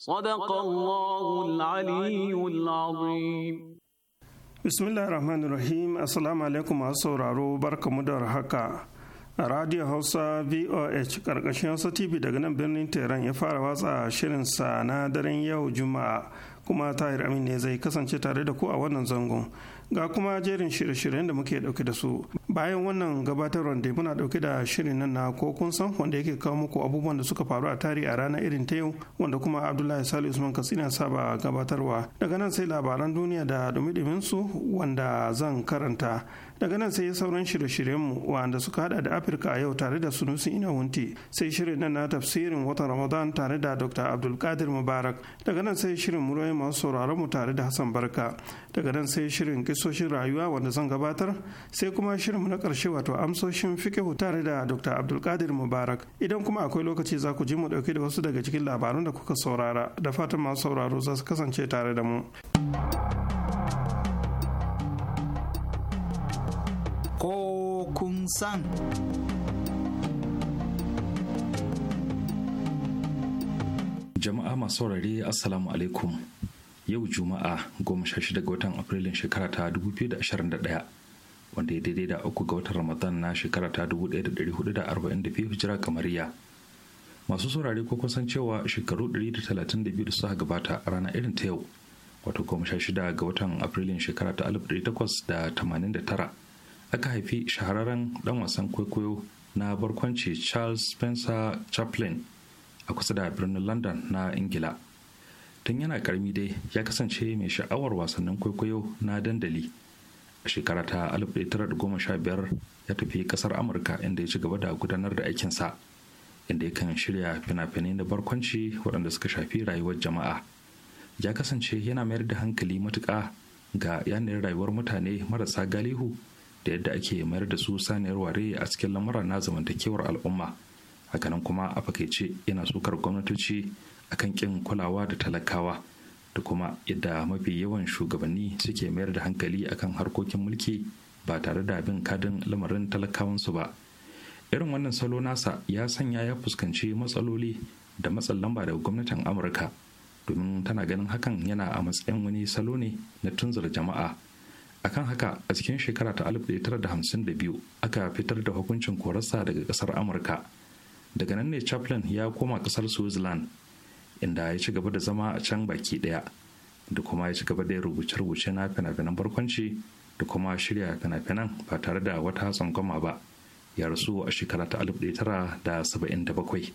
صدق الله العلي العظيم بسم الله الرحمن الرحيم السلام masu sauraro barkamu مدر haka radio hausa voh karkashin hausa tv daga nan birnin tehran ya fara watsa shirin sa na daren yau juma'a kuma tahir amin ne zai kasance tare da ku a wannan zangon ga kuma jerin shirye-shiryen da muke dauke da su bayan wannan gabatarwar da muna dauke da shirin nan na ko kun san wanda yake kawo muku abubuwan da suka faru a tari a ranar irin ta yau wanda kuma abdullahi sali usman katsina saba gabatarwa daga nan sai labaran duniya da dumi su wanda zan karanta daga nan sai sauran shirye-shiryenmu shiryen wanda suka hada da afirka a yau tare da sunusi ina wunti sai shirin nan na tafsirin watan ramadan tare da dr abdulkadir mubarak daga nan sai shirin muryoyin masu sauraron mu tare da hassan barka daga nan sai shirin kis kisoshin rayuwa wanda zan gabatar sai kuma shirinmu na ƙarshe wato amsoshin fikihu tare da Dr. Abdulkadir Mubarak. Idan kuma akwai lokaci za ku ji mu ɗauke da wasu daga cikin labarun da kuka saurara da fatan masu sauraro za su kasance tare da mu. Ko san. Jama'a masu saurare Assalamu alaikum. yau juma'a 16 ga watan afrilun shekara ta 2021 wanda ya daidai da uku ga watan ramadan na shekara ta 1442 hijira kamariya masu saurare ko kusan cewa shekaru 132 da suka gabata a rana irin ta yau wato 16 ga watan afrilun shekara ta 1889 aka haifi shahararren dan wasan kwaikwayo na barkwanci charles spencer chaplin a kusa da birnin london na ingila tun yana karmi dai ya kasance mai sha'awar wasannin kwaikwayo na dandali a shekara ta 1915 ya tafi kasar amurka inda ya ci gaba da gudanar da aikinsa inda ya kan shirya fina-finai na barkwanci waɗanda suka shafi rayuwar jama'a ya kasance yana mayar da hankali matuƙa ga yanayin rayuwar mutane marasa galihu da yadda ake mayar da su saniyar ware a cikin lamura na zamantakewar al'umma hakanan kuma a fakaice yana sukar gwamnatoci akan kin kulawa da talakawa da kuma yadda mafi yawan shugabanni suke mayar da hankali akan harkokin mulki ba tare da bin kadin lamarin talakawansu ba irin wannan salo nasa ya sanya ya fuskanci matsaloli da matsan lamba daga gwamnatin amurka domin tana ganin hakan yana a matsayin wani salo ne na tunzar jama'a akan haka a cikin shekara ta 1952 aka fitar da hukuncin korarsa daga kasar amurka daga nan ne chaplin ya koma kasar switzerland inda ya ci gaba da zama a can baki daya da kuma ya ci gaba da rubuce-rubuce na fina-finan barkwanci da kuma shirya fina-finan ba tare da wata tsangwama ba ya rasu a shekara ta 1977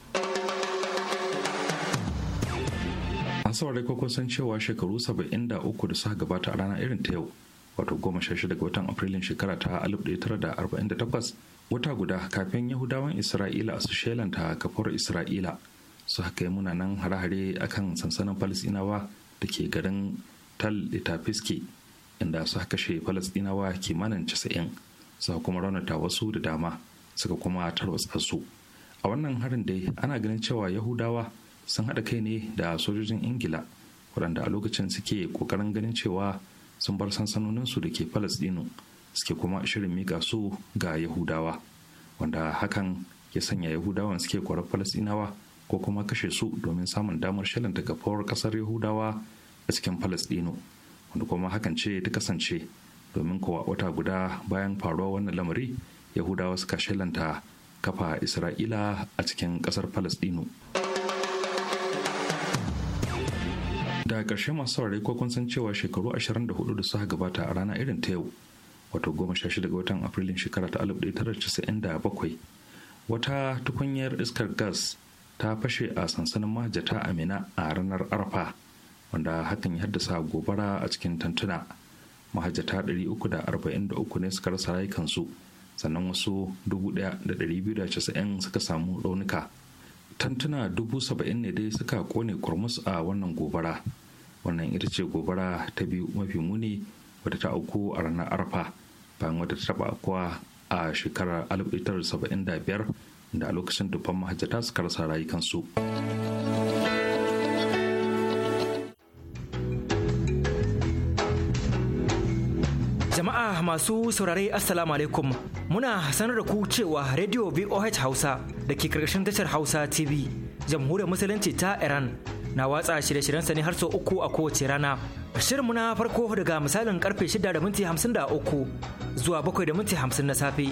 a saurari ko san cewa shekaru 73 da suka gabata a rana irin ta yau wato goma shida ga watan afrilun shekara ta 1948 wata guda kafin yahudawan isra'ila su shelanta kafar isra'ila su haka yi munanan hare-hare kan sansanin falasɗinawa da ke garin tal litafiski inda su haka kashe falasɗinawa manan casa'in haka kuma raunata wasu da dama suka kuma tarwatsa su a wannan harin dai ana ganin cewa yahudawa sun haɗa kai ne da sojojin ingila waɗanda a lokacin suke ƙoƙarin ganin cewa sun bar sansanoninsu da ke falasɗinu suke kuma shirin mika su ga yahudawa wanda hakan ya sanya yahudawan suke kwarar falasɗinawa ko kuma kashe su domin samun damar daga fawar kasar yahudawa a cikin falasdino wanda kuma hakan ce ta kasance domin kowa wata guda bayan faruwa wannan lamari yahudawa suka shalanta kafa isra'ila a cikin kasar falasdino da ƙarshe masu saurari ko kun san cewa shekaru 24 da suka gabata a rana irin ta yau wato 16 ga watan afrilun shekara ta 1997 wata tukunyar iskar gas ta fashe a sansanin mahajjata amina a ranar arfa wanda hakan ya haddasa gobara a cikin tantuna mahajjata 343 ne suka rasa rayukansu sannan wasu 1,290 suka samu raunuka tantuna 70,000 ne dai suka kone kurmus a wannan gobara wannan ita ce gobara ta biyu mafi muni wadda ta auku a ranar arfa bayan wadda ta taba akwa a shekarar 1975 da a lokacin dubban mahajjata suka rasa rayukansu. Jama'a masu saurare Assalamu alaikum muna sanar da ku cewa Radio VOH Hausa da ke karkashin tashar Hausa TV jamhuriyar musulunci ta Iran na watsa shirye shiryen ne har sau uku a kowace rana. shirin muna farko daga misalin karfe 6 da minti 53 zuwa 7 da minti 50 na safe.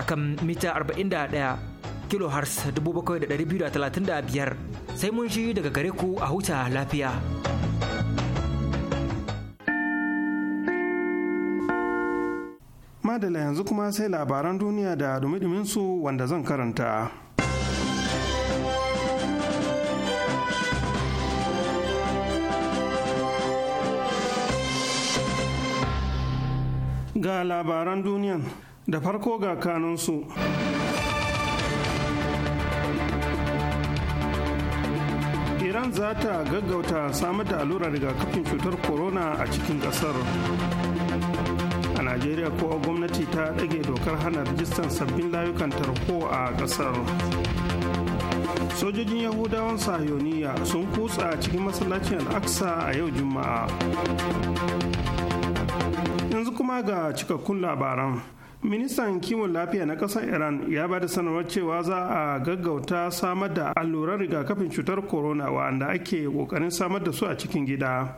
akan mita 41 kilohertz 7,235 sai mun shi daga gare ku a huta lafiya. Madala yanzu kuma sai labaran duniya da dumi su wanda zan karanta. Ga labaran duniyan da farko ga kanunsu iran za ta gaggauta samar da allurar rigakafin cutar corona a cikin kasar a najeriya ko gwamnati ta ɗage dokar hana rajistan sabbin layukan tarho a kasar sojojin yahudawan sahiyoniya sun kutsa cikin masallacin Al-Aqsa a yau juma'a yanzu kuma ga cikakkun labaran ministan kiwon lafiya na ƙasar iran ya ba da sanarwar cewa za a gaggauta samar da allurar rigakafin cutar corona wa'anda ake ƙoƙarin samar da su a cikin gida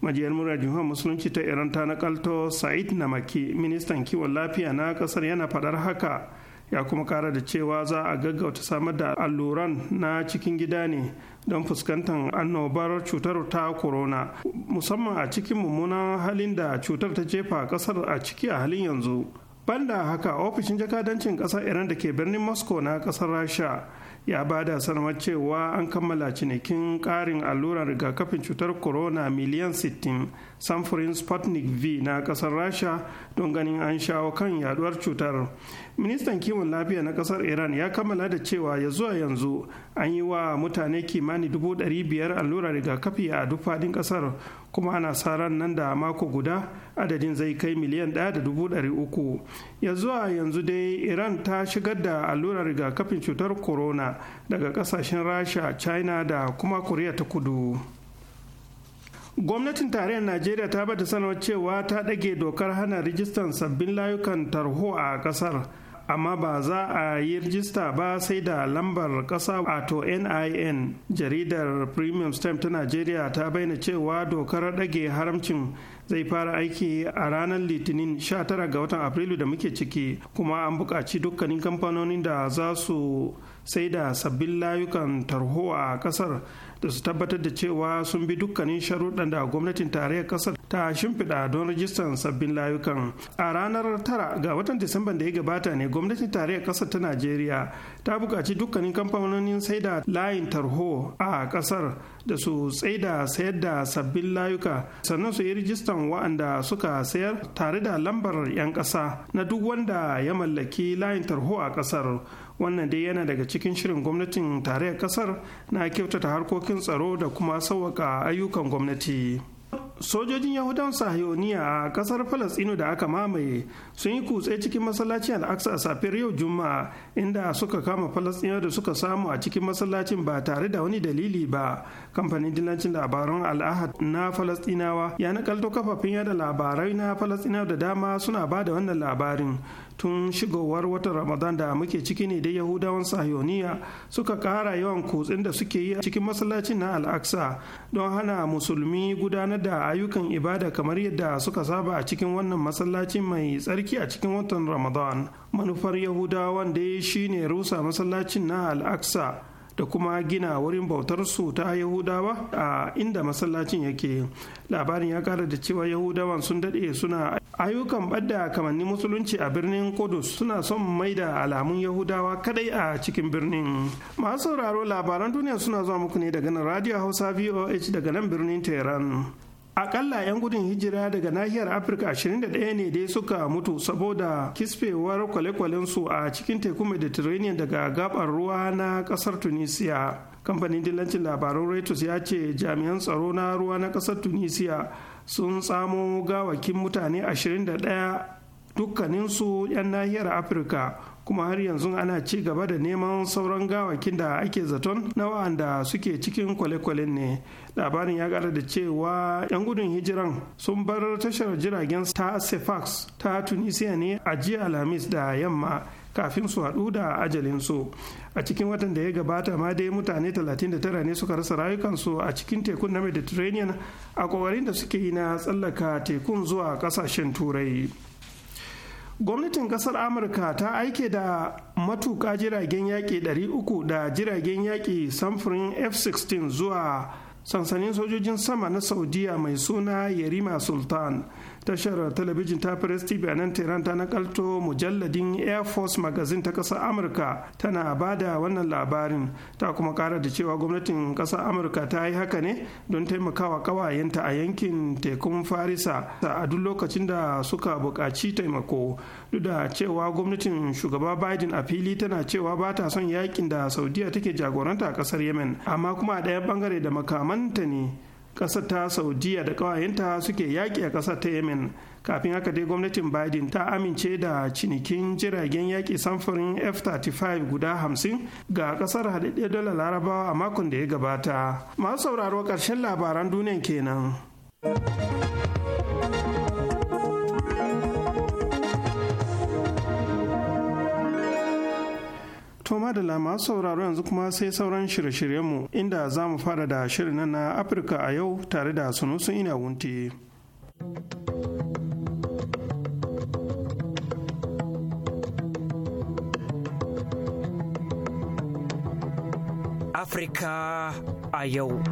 majiyar murar jihar musulunci ta iran ta nakalto sa'id namaki ministan kiwon lafiya na ƙasar yana faɗar haka ya kuma kara da cewa za a gaggauta samar da alluran na cikin gida ne don fuskantar annobar cutar ta corona musamman a cikin mummunan halin da cutar ta jefa kasar a ciki a halin yanzu banda haka ofishin jakadancin kasar iran da ke birnin moscow na kasar rasha ya ba da sanarwar cewa an kammala cinikin karin allurar rigakafin cutar corona miliyan 60 samfurin sputnik v na kasar rasha don ganin an shawo kan yaduwar cutar ministan kiwon lafiya na kasar iran ya kammala da cewa ya zuwa yanzu an yi wa mutane kimanin 500 allurar rigakafi a duk fadin kasar kuma ana sa ran nan da mako guda adadin zai kai miliyan ɗaya da dubu ɗari uku ya zuwa yanzu dai iran ta shigar da allurar rigakafin cutar corona daga kasashen rasha china da kuma koriya ta kudu gwamnatin tarayyar najeriya ta bada sanarwar cewa ta ɗage dokar hana rijistan sabbin layukan tarho a ƙasar amma ba za a yi rijista ba sai da lambar ƙasa wato nin jaridar premium stamp ta najeriya ta bayyana cewa dokar ɗage haramcin zai fara aiki a ranar litinin 19 ga watan afrilu da muke ciki kuma an buƙaci dukkanin kamfanonin da za su sai da sabbin layukan tarho a kasar da su tabbatar da cewa sun bi dukkanin sharuɗan da gwamnatin tarayyar kasar ta shimfiɗa don rajistan sabbin layukan a ranar tara ga watan disamban da ya gabata ne gwamnatin tarayyar kasar ta najeriya ta buƙaci dukkanin kamfanonin sai da layin tarho a kasar da su da sayar da sabbin layuka sannan su yi rijistan wa'anda suka sayar tare da lambar 'yan ƙasa na duk wanda ya mallaki layin tarho a ƙasar wannan dai yana daga cikin shirin gwamnatin tarayyar kasar na kyautata harkokin tsaro da kuma sauwaka ayyukan gwamnati sojojin yahudan sahiyoniya a kasar falastinu da aka mamaye sun yi kutse cikin masallacin al'aksa a safiyar yau juma'a inda suka kama falastinawa da suka samu a cikin masallacin ba tare da wani dalili ba kamfanin dillancin labaran al'ahad na falastinawa ya nakalto kafafen yada labarai na falastinawa da dama suna ba da wannan labarin tun shigowar watan ramadan da muke ciki ne da yahudawan sahiyoniya suka kara yawan kutsin da suke yi a cikin masallacin na al'aksa don hana musulmi gudanar da ayyukan ibada kamar yadda suka saba a cikin wannan masallaci mai tsarki a cikin watan ramadan manufar yahudawan dai shine rusa masallacin na al'aksa da kuma gina wurin bautarsu ta yahudawa a inda masallacin yake labarin ya kara da cewa yahudawan sun daɗe suna ayyukan ɓadda kamannin musulunci a birnin kudus suna son mai da alamun yahudawa kadai a cikin birnin masu sauraro labaran duniya suna zuwa muku ne daga nan radio hausa voh daga nan birnin Teran. akalla 'yan gudun hijira daga nahiyar afirka 21 ne dai suka mutu saboda kisfewar kwale-kwalensu a cikin teku mediterranean daga gabar ruwa na kasar tunisia kamfanin dillancin labarun reuters ya ce jami'an tsaro na ruwa na kasar tunisia sun tsamo gawakin mutane 21 dukkaninsu 'yan nahiyar afirka kuma har yanzu ana ci gaba da neman sauran gawakin da ake zaton na wa'anda suke cikin kwale-kwalen ne labarin ya kara da cewa 'yan gudun hijiran sun bar tashar jiragen ta sefax ta tunisia ne a jiya alhamis da yamma kafin su haɗu da ajalinsu a cikin watan da ya gabata ma dai mutane 39 ne suka rasa rayukansu a cikin tekun na mediterranean a kokarin da suke yi na tsallaka tekun zuwa ƙasashen turai gwamnatin kasar amurka ta aike da matuka jiragen yaƙi 300 da jiragen yaƙi samfurin f-16 zuwa sansanin sojojin sama na saudiya mai suna yarima sultan tashar talabijin ta press tv a nan tehran ta nakalto mujalladin air force magazine ta ƙasar amurka tana ba da wannan labarin ta kuma kara da cewa gwamnatin ƙasar amurka ta yi haka ne don taimakawa ƙawayenta a yankin tekun farisa a duk lokacin da suka buƙaci taimako duk da cewa gwamnatin shugaba biden a fili tana cewa ba ta son yakin da saudiya take jagoranta a kasar yemen amma kuma a ɗaya bangare da makamanta ne ƙasar ta saudiya da ƙawayenta suke yaƙi a ƙasar ta yemen kafin haka dai gwamnatin biden ta amince da cinikin jiragen yaƙi samfurin f-35 guda 50 ga ƙasar haɗaɗɗe dala larabawa a makon da ya gabata masu sauraro ƙarshen labaran duniyan kenan. To madala masu sauraro yanzu kuma sai sauran shirye-shiryenmu inda za mu fara da shirin na Afirka a yau tare da sunusun ina wunti. Afirka a yau.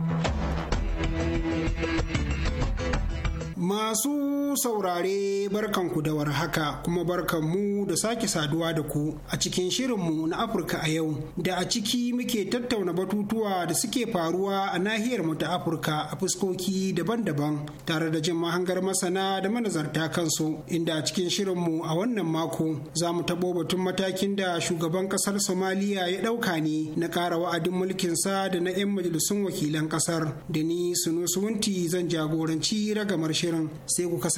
Masu saurare barkanku da haka kuma barkanmu da sake saduwa da ku a cikin shirinmu na Afirka a yau da a ciki muke tattauna batutuwa da suke faruwa a nahiyar mu ta Afirka a fuskoki daban-daban tare da jin mahangar masana da manazarta kansu inda a cikin shirinmu a wannan mako za mu tabo batun matakin da shugaban kasar Somaliya ya ɗauka ne na ƙara wa'adin mulkin sa da na 'yan majalisun wakilan kasar da ni Sunusuwunti zan jagoranci ragamar shirin sai ku kasa.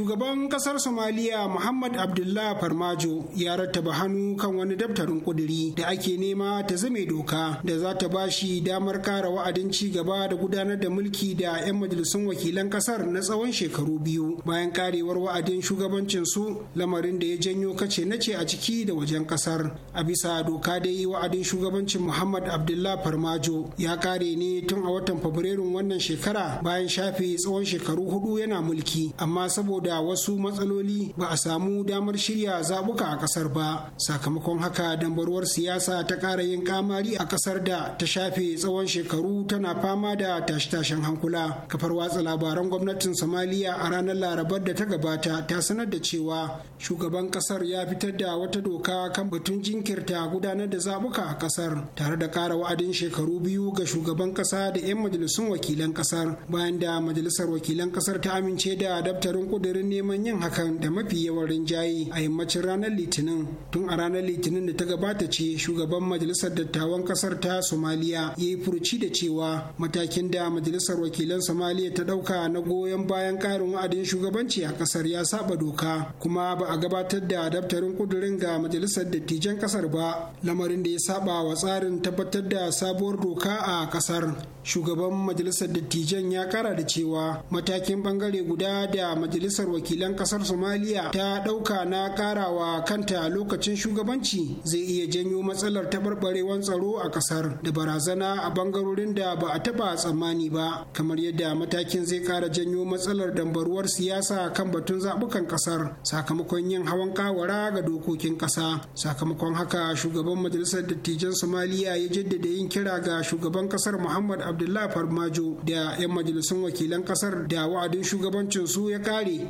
shugaban kasar somaliya muhammad abdullah farmajo ya rattaba hannu kan wani daftarin kuduri da ake nema ta zame doka da za ta ba shi damar kara wa'adin ci gaba da gudanar da mulki da 'yan majalisun wakilan kasar na tsawon shekaru biyu bayan karewar wa'adin shugabancin su lamarin da ya janyo kace nace a ciki da wajen kasar a bisa doka dai wa'adin shugabancin muhammad abdullah farmajo ya kare ne tun a watan fabrairun wannan shekara bayan shafe tsawon shekaru hudu yana mulki amma saboda da wasu matsaloli ba a samu damar shirya zabuka a kasar ba sakamakon haka dambarwar siyasa ta ƙara yin kamari a kasar da ta shafe tsawon shekaru tana fama da tashe-tashen hankula kafar watsa labaran gwamnatin somaliya a ranar larabar da ta gabata ta sanar da cewa shugaban kasar ya fitar da wata doka kan batun jinkirta gudanar da zabuka a kasar tare da ƙara wa'adin shekaru biyu ga shugaban kasa da 'yan majalisun wakilan kasar bayan da majalisar wakilan kasar ta amince da daftarin kudin kokarin neman yin hakan da mafi yawan rinjaye a yammacin ranar litinin tun a ranar litinin da ta gabata ce shugaban majalisar dattawan kasar ta somaliya ya yi furuci da cewa matakin da majalisar wakilan somaliya ta dauka na goyon bayan karin wa'adin shugabanci a kasar ya saba doka kuma ba a gabatar da daftarin kudurin ga majalisar dattijan kasar ba lamarin da ya saba wa tsarin tabbatar da sabuwar doka a kasar shugaban majalisar dattijan ya kara da cewa matakin bangare guda da majalisar majalisar wakilan kasar somaliya ta ɗauka na ƙarawa kanta lokacin shugabanci zai iya janyo matsalar taɓarɓarewan tsaro a ƙasar. da barazana a bangarorin da ba a taɓa tsammani ba kamar yadda matakin zai ƙara janyo matsalar dambaruwar siyasa kan batun zaɓukan ƙasar. sakamakon yin hawan kawara ga dokokin ƙasa sakamakon haka shugaban majalisar dattijan somaliya ya jaddada yin kira ga shugaban ƙasar muhammad Abdullahi farmajo da 'yan majalisun wakilan ƙasar da wa'adin shugabancin su ya kare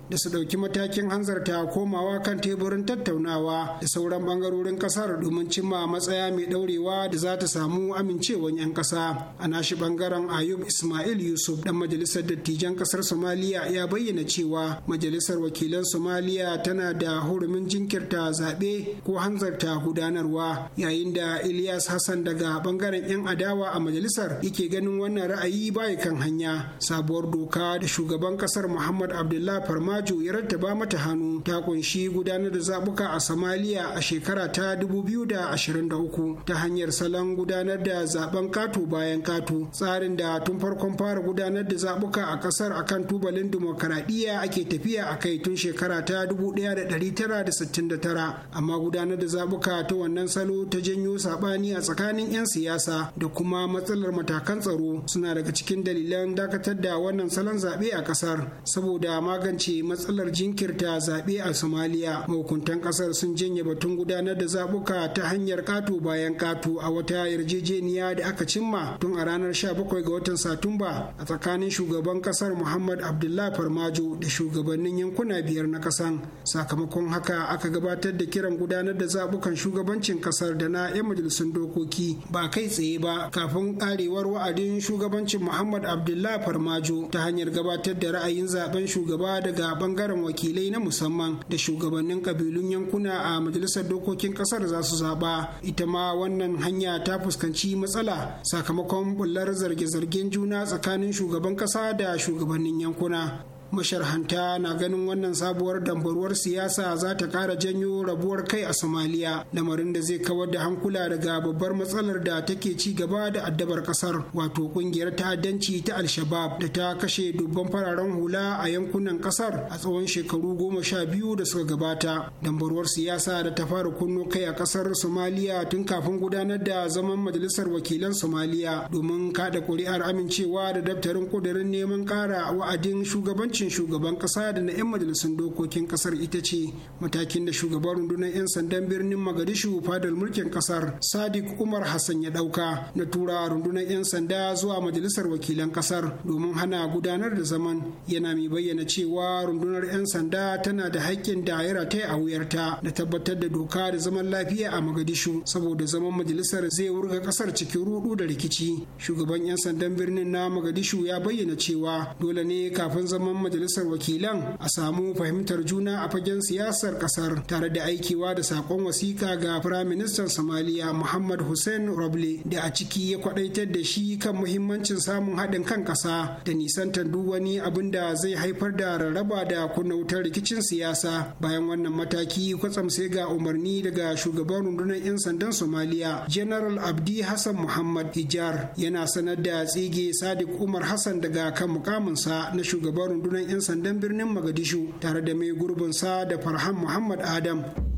da su ɗauki matakin hanzarta komawa kan teburin tattaunawa da sauran bangarorin ƙasar domin cimma matsaya mai ɗaurewa da za ta samu amincewan 'yan ƙasa a nashi ɓangaren ayub ismail yusuf dan majalisar dattijan ƙasar somaliya ya bayyana cewa majalisar wakilan somaliya tana da hurumin jinkirta zaɓe ko hanzarta gudanarwa yayin da ilyas hassan daga bangaren 'yan adawa a majalisar yake ganin wannan ra'ayi baya kan hanya sabuwar doka da shugaban ƙasar muhammad abdullah farmajo Farmajo ya rattaba mata hannu ta kunshi gudanar da zabuka a Somalia a shekara ta 2023 ta hanyar salon gudanar da zaben kato bayan kato tsarin da tun farkon fara gudanar da zabuka a kasar akan tubalin dimokuraɗiyya ake tafiya a kai tun shekara ta 1969 amma gudanar da zabuka ta wannan salo ta janyo sabani a tsakanin 'yan siyasa da kuma matsalar matakan tsaro suna daga cikin dalilan dakatar da wannan salon zaɓe a kasar saboda magance matsalar jinkirta zaɓe a somaliya mahukuntan ƙasar sun janye batun gudanar da zaɓuka ta hanyar ƙato bayan ƙato a wata yarjejeniya da aka cimma tun a ranar 17 ga watan satumba a tsakanin shugaban ƙasar muhammad abdullah farmajo da shugabannin yankuna biyar na ƙasan sakamakon haka aka gabatar da kiran gudanar da zaɓukan shugabancin ƙasar da na 'yan majalisun dokoki ba kai tsaye ba kafin ƙarewar wa'adin shugabancin muhammad abdullah farmajo ta hanyar gabatar da ra'ayin zaben shugaba daga bangaren wakilai na musamman da shugabannin kabilun yankuna a majalisar dokokin kasar za su zaba ita ma wannan hanya ta fuskanci matsala sakamakon bullar zarge-zargen juna tsakanin shugaban kasa da shugabannin yankuna masharhanta na ganin wannan sabuwar dambaruwar siyasa za ta kara janyo rabuwar kai a somaliya lamarin da zai kawar da hankula daga babbar matsalar da take ci gaba da addabar kasar wato kungiyar ta'addanci ta al-shabab da ta kashe dubban fararen hula a yankunan kasar a tsawon shekaru goma sha biyu da suka gabata dambaruwar siyasa da ta fara kunno kai a kasar somaliya tun kafin gudanar da zaman majalisar wakilan somaliya domin kada kuri'ar amincewa da daftarin kudirin neman kara wa'adin shugabanci shugabancin shugaban kasa da na 'yan majalisun dokokin kasar ita ce matakin da shugaban rundunar 'yan sandan birnin magadishu fadar mulkin kasar sadiq umar hassan ya dauka na tura rundunar 'yan sanda zuwa majalisar wakilan kasar domin hana gudanar da zaman yana mai bayyana cewa rundunar 'yan sanda tana da haƙƙin daira ta a a wuyarta da tabbatar da doka da zaman lafiya a magadishu saboda zaman majalisar zai wurga kasar cikin ruɗu da rikici shugaban 'yan sandan birnin na magadishu ya bayyana cewa dole ne kafin zaman majalisar wakilan a samu fahimtar juna a fagen siyasar kasar tare da aikewa da sakon wasiƙa ga firaministan somaliya muhammad hussein roble da a ciki ya kwadaitar da shi kan muhimmancin samun haɗin kan ƙasa da nisantar duk wani abin da zai haifar da rarraba da kunna wutar rikicin siyasa bayan wannan mataki kwatsam sai ga umarni daga shugaban rundunar 'yan sandan somaliya general abdi hassan muhammad ijar yana sanar da tsige sadiq umar hassan daga kan mukaminsa na shugaban rundunar 'yan sandan birnin Magadishu tare da mai gurbinsa da Farhan Muhammad Adam.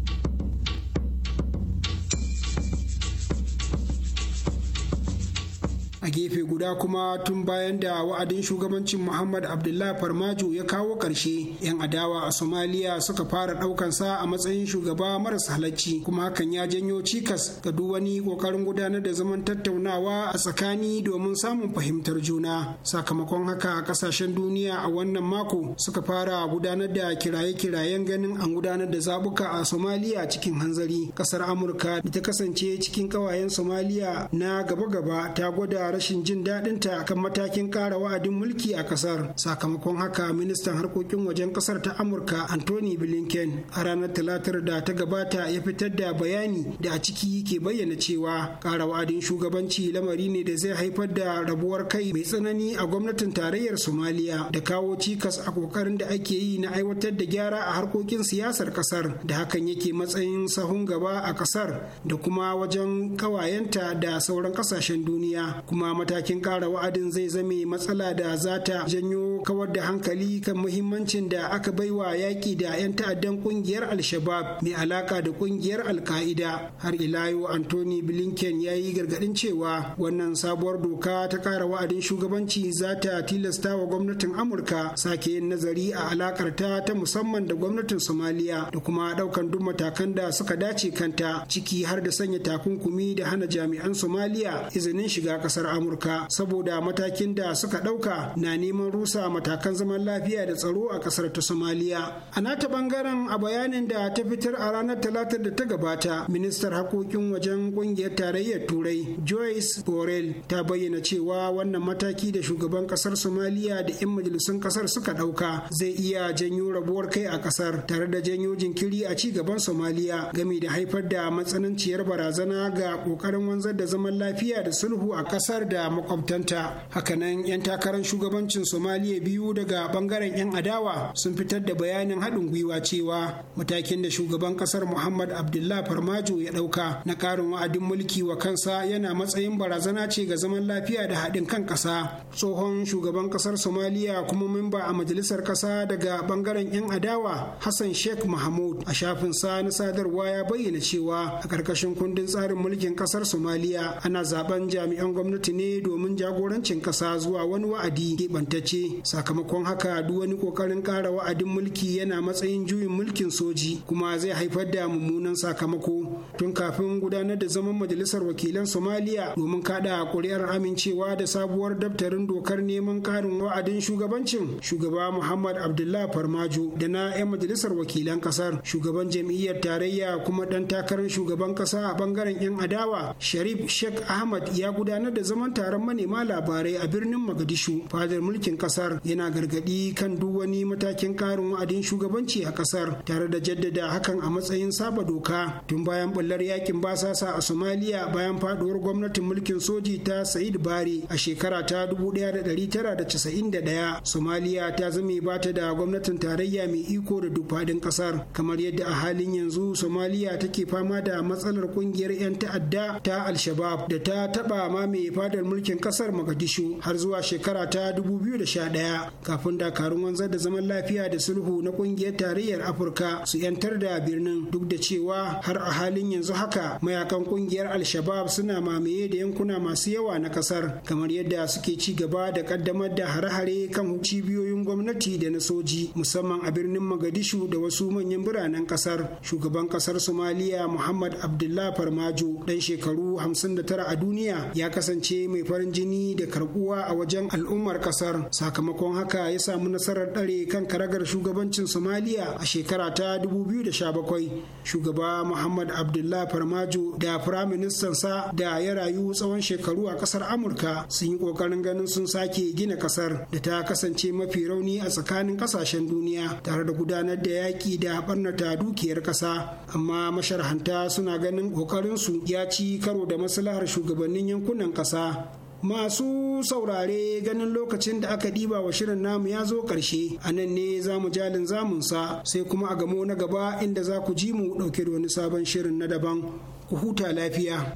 gefe guda kuma tun bayan da wa'adin shugabancin muhammad abdullahi farmajo ya kawo ƙarshe 'yan adawa a somaliya suka fara ɗaukansa a matsayin shugaba maras halacci kuma hakan ya janyo cikas ga duk wani ƙoƙarin gudanar da zaman tattaunawa a tsakani domin samun fahimtar juna sakamakon haka a ƙasashen duniya a wannan mako suka fara gudanar da kiraye-kirayen ganin an gudanar da zabuka a somaliya cikin hanzari ƙasar amurka da ta kasance cikin ƙawayen somaliya na gaba-gaba ta gwada rashin jin daɗinta akan matakin ƙara wa'adin mulki a ƙasar sakamakon haka ministan harkokin wajen ƙasar ta amurka anthony blinken a ranar talatar da ta gabata ya fitar da bayani da a ciki ke bayyana cewa ƙara wa'adin shugabanci lamari ne da zai haifar da rabuwar kai mai tsanani a gwamnatin tarayyar somaliya da kawo cikas a ƙoƙarin da ake yi na aiwatar da gyara a harkokin siyasar ƙasar da hakan yake matsayin sahun gaba a ƙasar da kuma wajen ƙawayenta da sauran ƙasashen duniya kuma matakin ƙara wa'adin zai zame matsala da zata janyo kawar da hankali kan muhimmancin da aka baiwa yaƙi da 'yan ta'addan ƙungiyar al-shabab mai alaƙa da ƙungiyar al-ka'ida har ila anthony blinken ya yi gargaɗin cewa wannan sabuwar doka ta ƙara wa'adin shugabanci zata tilasta wa gwamnatin amurka sake yin nazari a alakar ta ta musamman da gwamnatin somaliya da kuma ɗaukan duk matakan da suka dace kanta ciki har da sanya takunkumi da hana jami'an somaliya izinin shiga ƙasar amurka amurka saboda matakin da suka ɗauka na neman rusa matakan zaman lafiya da tsaro a ƙasar ta somaliya a nata bangaren a bayanin da ta fitar a ranar talatar da ta gabata ministar hakokin wajen ƙungiyar tarayyar turai joyce borrell ta bayyana cewa wannan mataki da shugaban ƙasar somaliya da 'yan majalisun ƙasar suka ɗauka zai iya janyo rabuwar kai a ƙasar tare da janyo jinkiri a ci gaban somaliya game da haifar da matsananciyar barazana ga ƙoƙarin wanzar da zaman lafiya da sulhu a ƙasar da makwabtanta hakanan 'yan takarar shugabancin somaliya biyu daga bangaren 'yan adawa sun fitar da bayanin haɗin gwiwa cewa matakin da shugaban ƙasar muhammad abdullah farmajo ya ɗauka na ƙarin wa'adin mulki wa kansa yana matsayin barazana ce ga zaman lafiya da haɗin kan ƙasa tsohon shugaban ƙasar somaliya kuma memba a majalisar ƙasa daga bangaren 'yan adawa hassan sheikh mahmud a shafinsa na sadarwa ya bayyana cewa a ƙarƙashin kundin tsarin mulkin ƙasar somaliya ana zaben jami'an gwamnati ne domin jagorancin kasa zuwa wani wa'adi keɓantacce sakamakon haka duk wani ƙoƙarin ƙara wa'adin mulki yana matsayin juyin mulkin soji kuma zai haifar da mummunan sakamako tun kafin gudanar da zaman majalisar wakilan somaliya domin kada ƙuri'ar amincewa da sabuwar daftarin dokar neman ƙarin wa'adin shugabancin shugaba muhammad abdullah farmajo da na 'yan majalisar wakilan kasar shugaban jam'iyyar tarayya kuma ɗan takarar shugaban kasa a ɓangaren 'yan adawa sharif sheikh ahmad ya gudanar da zaman zaman taron manema labarai a birnin Magadishu fadar mulkin kasar yana gargadi kan duk wani matakin karin wa'adin shugabanci a kasar tare da jaddada hakan a matsayin saba doka tun bayan bullar yakin basasa a Somalia bayan faduwar gwamnatin mulkin soji ta Said Bari a shekara ta 1991 Somalia ta zame ba ta da gwamnatin tarayya mai iko da duk fadin kasar kamar yadda a halin yanzu Somalia take fama da matsalar kungiyar 'yan ta'adda ta Al-Shabaab da ta taba mamaye fadar gadar mulkin kasar Magadishu har zuwa shekara ta 2011 kafin dakarun wanzar da zaman lafiya da sulhu na kungiyar tarayyar Afirka su yantar da birnin duk da cewa har a halin yanzu haka mayakan kungiyar al shabaab suna mamaye da yankuna masu yawa na kasar kamar yadda suke ci gaba da kaddamar da hare-hare kan cibiyoyin gwamnati da na soji musamman a birnin Magadishu da wasu manyan biranen kasar shugaban kasar Somaliya Muhammad Abdullah Farmajo dan shekaru 59 a duniya ya kasance ce mai farin jini da karbuwa a wajen al'ummar kasar sakamakon haka ya samu nasarar ɗare kan karagar shugabancin somaliya a shekara ta 2017 shugaba muhammad abdullah farmajo da firaministan sa da ya rayu tsawon shekaru a kasar amurka sun yi kokarin ganin sun sake gina kasar da ta kasance mafi rauni a tsakanin kasashen duniya tare da gudanar da yaƙi da barnata dukiyar ƙasa amma masharhanta suna ganin ƙoƙarinsu ya ci karo da maslahar shugabannin yankunan ƙasa Masu saurare ganin lokacin da aka ɗiba wa shirin namu ya zo ƙarshe, a nan ne za mu jalin zamunsa sai kuma a gamo na gaba inda za ku ji mu ɗauke da wani sabon shirin na daban. Ku huta lafiya.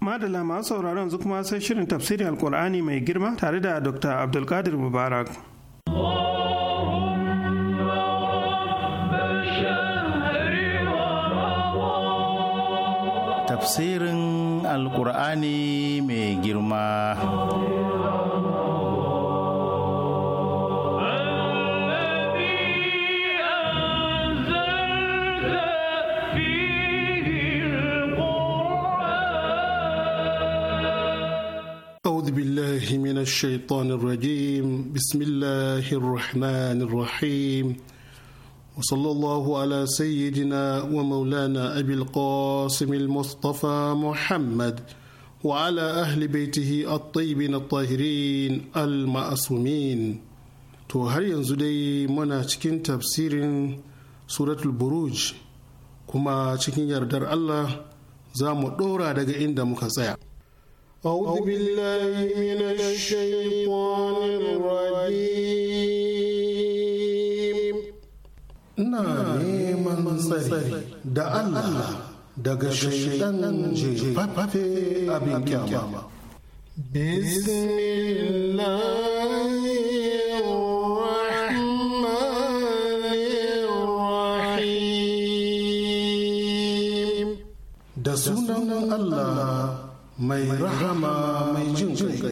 Madala masu sauraron zu kuma sai shirin tafsirin alkur'ani mai girma tare da Dr. Abdulkadir Mubarak. tafsirin alkur'ani mai girma أعوذ بالله من الشيطان الرجيم بسم الله الرحمن الرحيم وصلى الله على سيدنا ومولانا أبي القاسم المصطفى محمد وعلى أهل بيته الطيبين الطاهرين المأسومين to har yanzu dai muna cikin tafsirin suratul buruj kuma cikin yardar Allah za mu ɗora daga inda muka tsaya أعوذ بالله من الشيطان الرجيم ina neman tsari da Allah daga shaidan jefaffe abin kyama. Da sunan Allah mai rahama mai jin kai.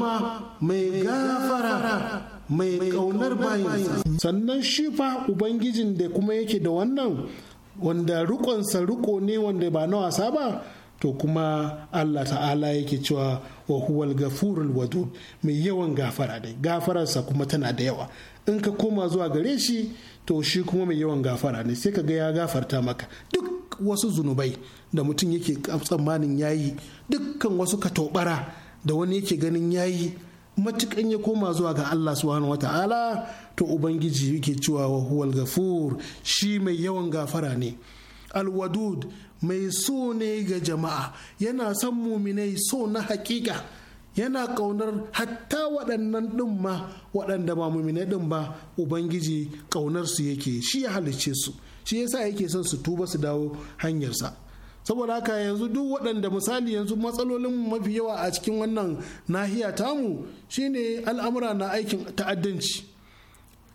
rahama mai gafara mai kaunar bayan sannan shi fa ubangijin da kuma yake da wannan wanda rukonsa ruko ne wanda ba na wasa ba to kuma Allah ta'ala yake cewa wa huwal gafurul wadud mai yawan gafara dai gafararsa kuma tana da yawa in ka koma zuwa gare shi to shi kuma mai yawan gafara ne sai ka ga ya gafarta maka duk wasu zunubai da mutum yake tsammanin yayi dukkan wasu ka katobara da wani yake ganin ya yi matukan ya koma zuwa ga Allah subhanahu wata'ala to ubangiji yake cewa wa huwal gafur shi mai yawan gafara ne alwadud mai so ne ga jama'a yana son muminai so na hakika yana kaunar hatta waɗannan ɗin ma waɗanda ba muminai ɗin ba ubangiji kaunar su yake shi ya halicce su shi yasa yake son su tuba su dawo hanyarsa saboda haka yanzu duk waɗanda misali yanzu matsalolin mafi yawa a cikin wannan nahiya tamu shine al'amura na aikin ta'addanci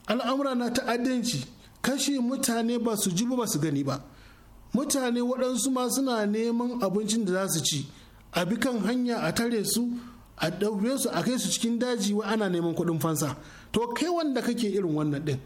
al'amura na ta'addanci kashe mutane ba su ji ba su gani ba mutane waɗansu ma suna neman abincin da za su ci a bi kan hanya a tare su a ɗauke su a kai su cikin daji wa ana neman kuɗin fansa to kai wanda kake irin wannan ɗin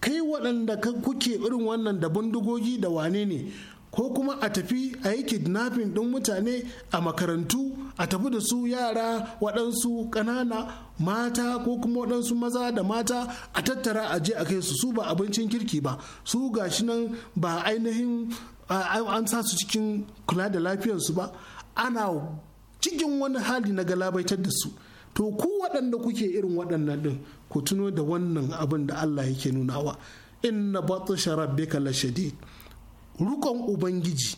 kai waɗanda kuke irin wannan da bindigogi da wane ne ko kuma a tafi a yi kidnapping ɗin mutane a makarantu a tafi da su yara waɗansu ƙanana mata ko kuma waɗansu maza da mata a tattara a je a kai su su ba abincin kirki ba su gashi nan ba ainihin an sa su cikin kula da lafiyarsu ba ana cikin wani hali na galabaitar da su to ku waɗanda kuke irin waɗannan ɗin ku tuno da wannan abin da Allah yake nunawa inna batsha rabbika lashadid rukon ubangiji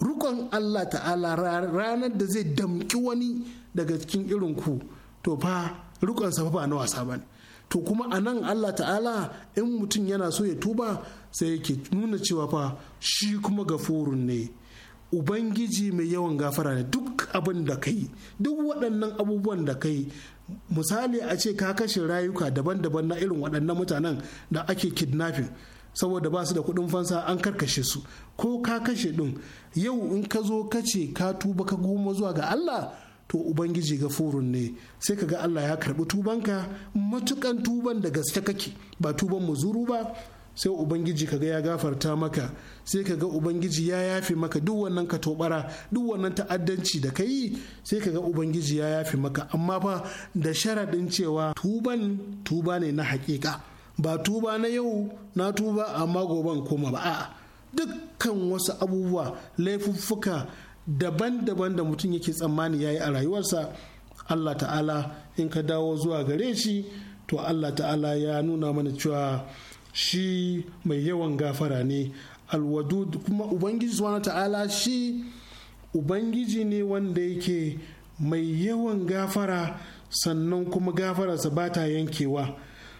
rukon allah ta'ala ranar da zai damki wani daga cikin irin ku to fa rukon sa ba na wasa bane to kuma a nan allah ta'ala in mutum yana so ya tuba sai yake nuna cewa fa shi kuma gafurun ne ubangiji mai yawan gafara ne duk abin da kai duk waɗannan abubuwan da kai misali a ce ka kashe rayuka daban-daban na irin waɗannan mutanen da ake kidnapping saboda ba su da kuɗin fansa an karkashe su ko ka kashe ɗin yau in ka zo ka ce ka tuba ka goma zuwa ga Allah to ubangiji ga furun ne sai ka ga Allah ya karɓi tubanka matukan tuban da gaske kake ba tuban muzuru ba sai ubangiji kaga ya gafarta maka sai kaga ubangiji ya yafe maka duk wannan ka tobara duk wannan ta'addanci da kayi sai ka ga ubangiji ya yafe maka amma fa da sharadin cewa tuban tuba ne na hakika. ba tuba na yau na tuba amma goban koma ba a'a dukkan wasu abubuwa laifuffuka daban-daban da mutum yake tsammani yayi a rayuwarsa Allah ta'ala in ka dawo zuwa gare shi to Allah ta'ala ya nuna mana cewa shi mai yawan gafara ne alwadud kuma ubangiji subhanahu ta'ala shi ubangiji ne wanda yake mai yawan gafara sannan kuma gafararsa ba ta yankewa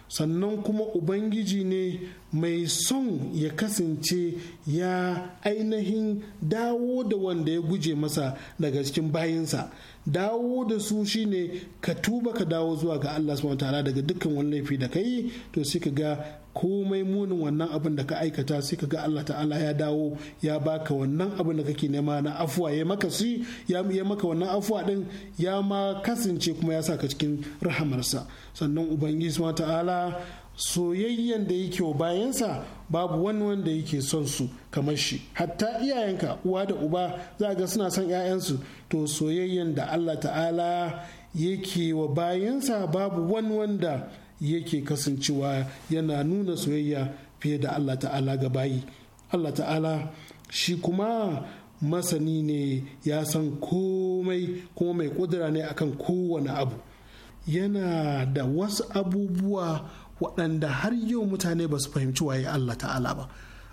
sannan kuma ubangiji ne mai son ya kasance ya ainihin dawo da wanda ya guje masa daga cikin bayinsa dawo da su shine ka tuba ka dawo zuwa ga Allah subhanahu ta'ala daga dukkan wani laifi da kai to sai ka ga komai munin wannan abin da ka aikata sai ka ga Allah ta'ala ya dawo ya baka wannan abin da kake nema na afuwa ya maka ya maka wannan afuwa din ya ma kasance kuma ya sa ka cikin rahamarsa sannan ubangiji subhanahu ta'ala soyayyen da yake wa bayansa babu wani wanda yake son su kamar shi hatta iyayenka uwa da uba za ga suna son 'ya'yansu to soyayyen da allah ta'ala yake wa bayansa babu wani wanda yake kasancewa yana nuna soyayya fiye da allah ta'ala ga bayi allah ta'ala shi kuma masani ne ya san komai kuma mai kudura ne akan kowane abu yana da wasu abubuwa waɗanda har yau mutane ba su fahimci waye Allah ta'ala ba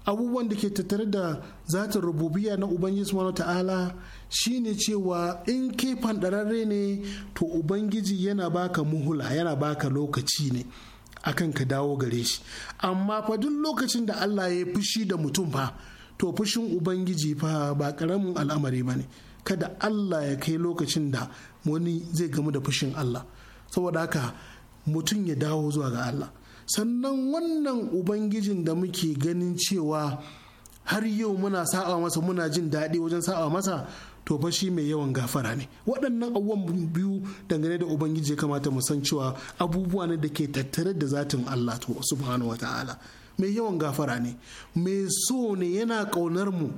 abubuwan da ke tattare da zatin rububiya na ubangiji subhanahu ta'ala shine cewa in ke fandararre ne to ubangiji yana baka muhula yana baka lokaci ne akan ka dawo gare shi amma fa duk lokacin da Allah ya fushi da mutum fa to fushin ubangiji fa ba karamin al'amari bane kada Allah ya kai lokacin da wani zai gamu da fushin Allah saboda haka mutum ya dawo zuwa ga Allah sannan wannan ubangijin da muke ganin cewa har yau muna sa'a masa muna jin daɗi wajen sa'a masa to fa shi mai yawan gafara ne waɗannan abubuwan biyu dangane da ubangiji ya kamata mu san cewa abubuwa ne da ke tattare da zatin Allah subhanahu wata'ala mai yawan gafara ne mai so ne yana ƙaunar mu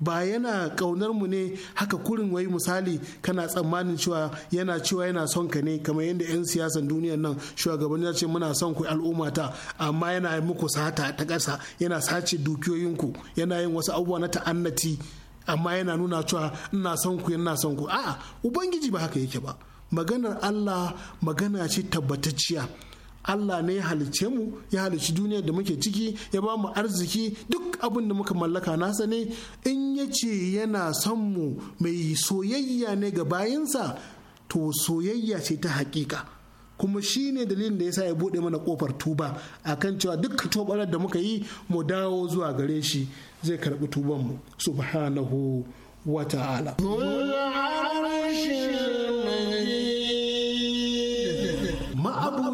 ba yana kaunar mu ne haka kurin wai misali kana tsammanin cewa yana cewa yana son ka ne kamar yadda 'yan siyasan duniya nan shugaban ya ce muna son ku al'ummata amma yana muku sata ta ƙasa yana sace dukiyoyinku yana yin wasu abubuwa na ta'annati amma yana nuna cewa ina son ku ina son ku a'a ubangiji ba haka yake ba maganar Allah magana ce tabbatacciya Allah ne ya halicce mu ya halicci duniyar da muke ciki ya ba mu arziki duk abin da muka mallaka nasa ne in ya ce yana son mu mai soyayya ne ga bayinsa to soyayya ce ta hakika kuma shi ne dalilin da ya sa ya buɗe mana ƙofar tuba a kan cewa duk tobarar da muka yi mu dawo zuwa gare shi zai karɓi tubanmu subhanahu wa ta'ala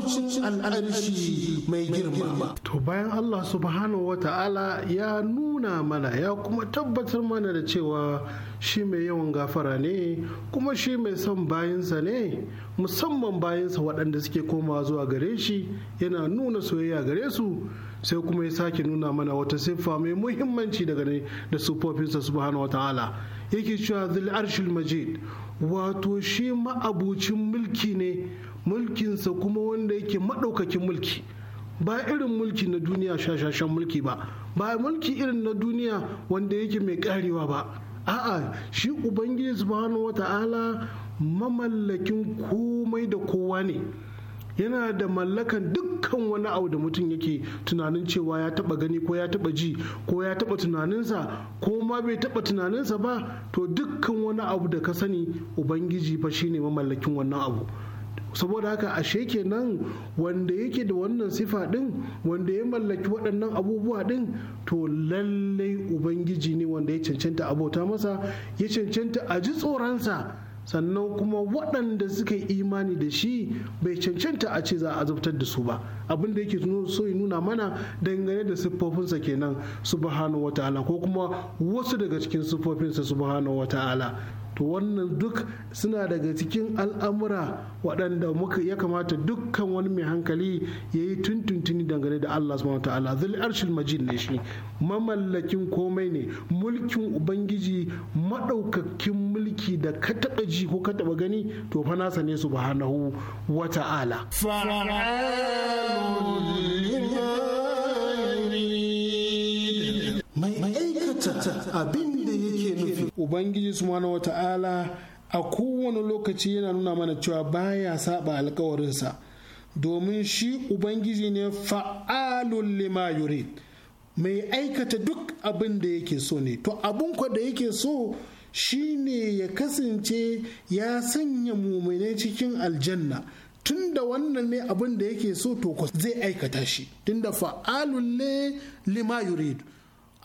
sassaucin al'arshi mai girma. To bayan Allah subhanahu wa ta'ala ya nuna mana ya kuma tabbatar mana da cewa shi mai yawan gafara ne kuma shi mai son bayansa ne musamman bayinsa waɗanda suke komawa zuwa gare shi yana nuna soyayya gare su sai kuma ya sake nuna mana wata siffa mai muhimmanci daga ne da sufofinsa subhanahu wa ta'ala yake cewa zil arshil majid wato shi ma'abucin mulki ne mulkinsa kuma wanda yake maɗaukakin mulki ba irin mulki na duniya shashashan mulki ba ba mulki irin na duniya wanda yake mai karewa ba a'a shi ubangiji subhanahu wata'ala mamallakin komai da kowa ne yana da mallakan dukkan wani abu da mutum yake tunanin cewa ya taba gani ko ya taba ji ko ya taba tunaninsa ko ma bai taba tunaninsa ba to dukkan wani abu da ka sani ubangiji fa shine mamallakin wannan abu saboda haka ashe kenan wanda yake da wannan sifa din wanda ya mallaki waɗannan abubuwa din to lallai ubangiji ne wanda ya cancanta abota masa ya cancanta a ji tsoronsa sannan kuma waɗanda suka yi imani da shi bai cancanta a ce za a azabtar da su ba abin da yake so ya nuna mana dangane da siffofinsa kenan subhanahu wata'ala ko kuma wasu daga cikin siffofinsa subhanahu wata'ala to wannan duk suna daga cikin al'amura waɗanda muka ya kamata dukkan wani mai hankali ya yi tuntuntuni dangane da Allah subhanahu ta'ala zul arshil majid ne shi mamallakin komai ne mulkin ubangiji maɗaukakin mulki da ka taɓa ji ko ka taɓa gani to fa nasa ne subhanahu wa ta'ala mai aikata abin ubangiji su subhanahu wata'ala a kowane lokaci yana nuna mana cewa baya saba alkawarinsa domin shi ubangiji ne fa'alun lima yurid mai aikata duk abin da yake so ne to abin kwa da yake so shi ne ya kasance ya sanya mumine cikin aljanna tun da wannan ne abin da yake so to zai aikata shi tun da fa'alun lima yurid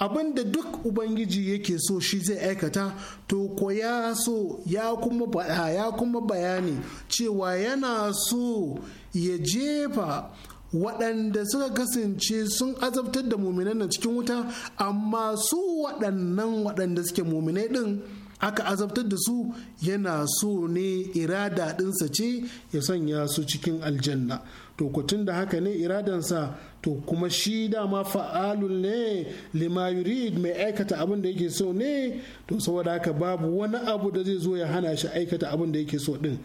abin da duk ubangiji yake so shi zai aikata to ko ya so ya kuma ya kuma bayani cewa yana so ya jefa waɗanda suka kasance sun azabtar da muminan na cikin wuta amma su waɗannan waɗanda suke muminai ɗin aka azabtar da su yana so ne irada ɗinsa ce ya sanya su cikin aljanna to da haka ne iradansa to kuma shi dama fa'alun ne lima yurid mai aikata abin da yake so ne to saboda haka babu wani abu da zai zo ya hana shi aikata abin da yake so din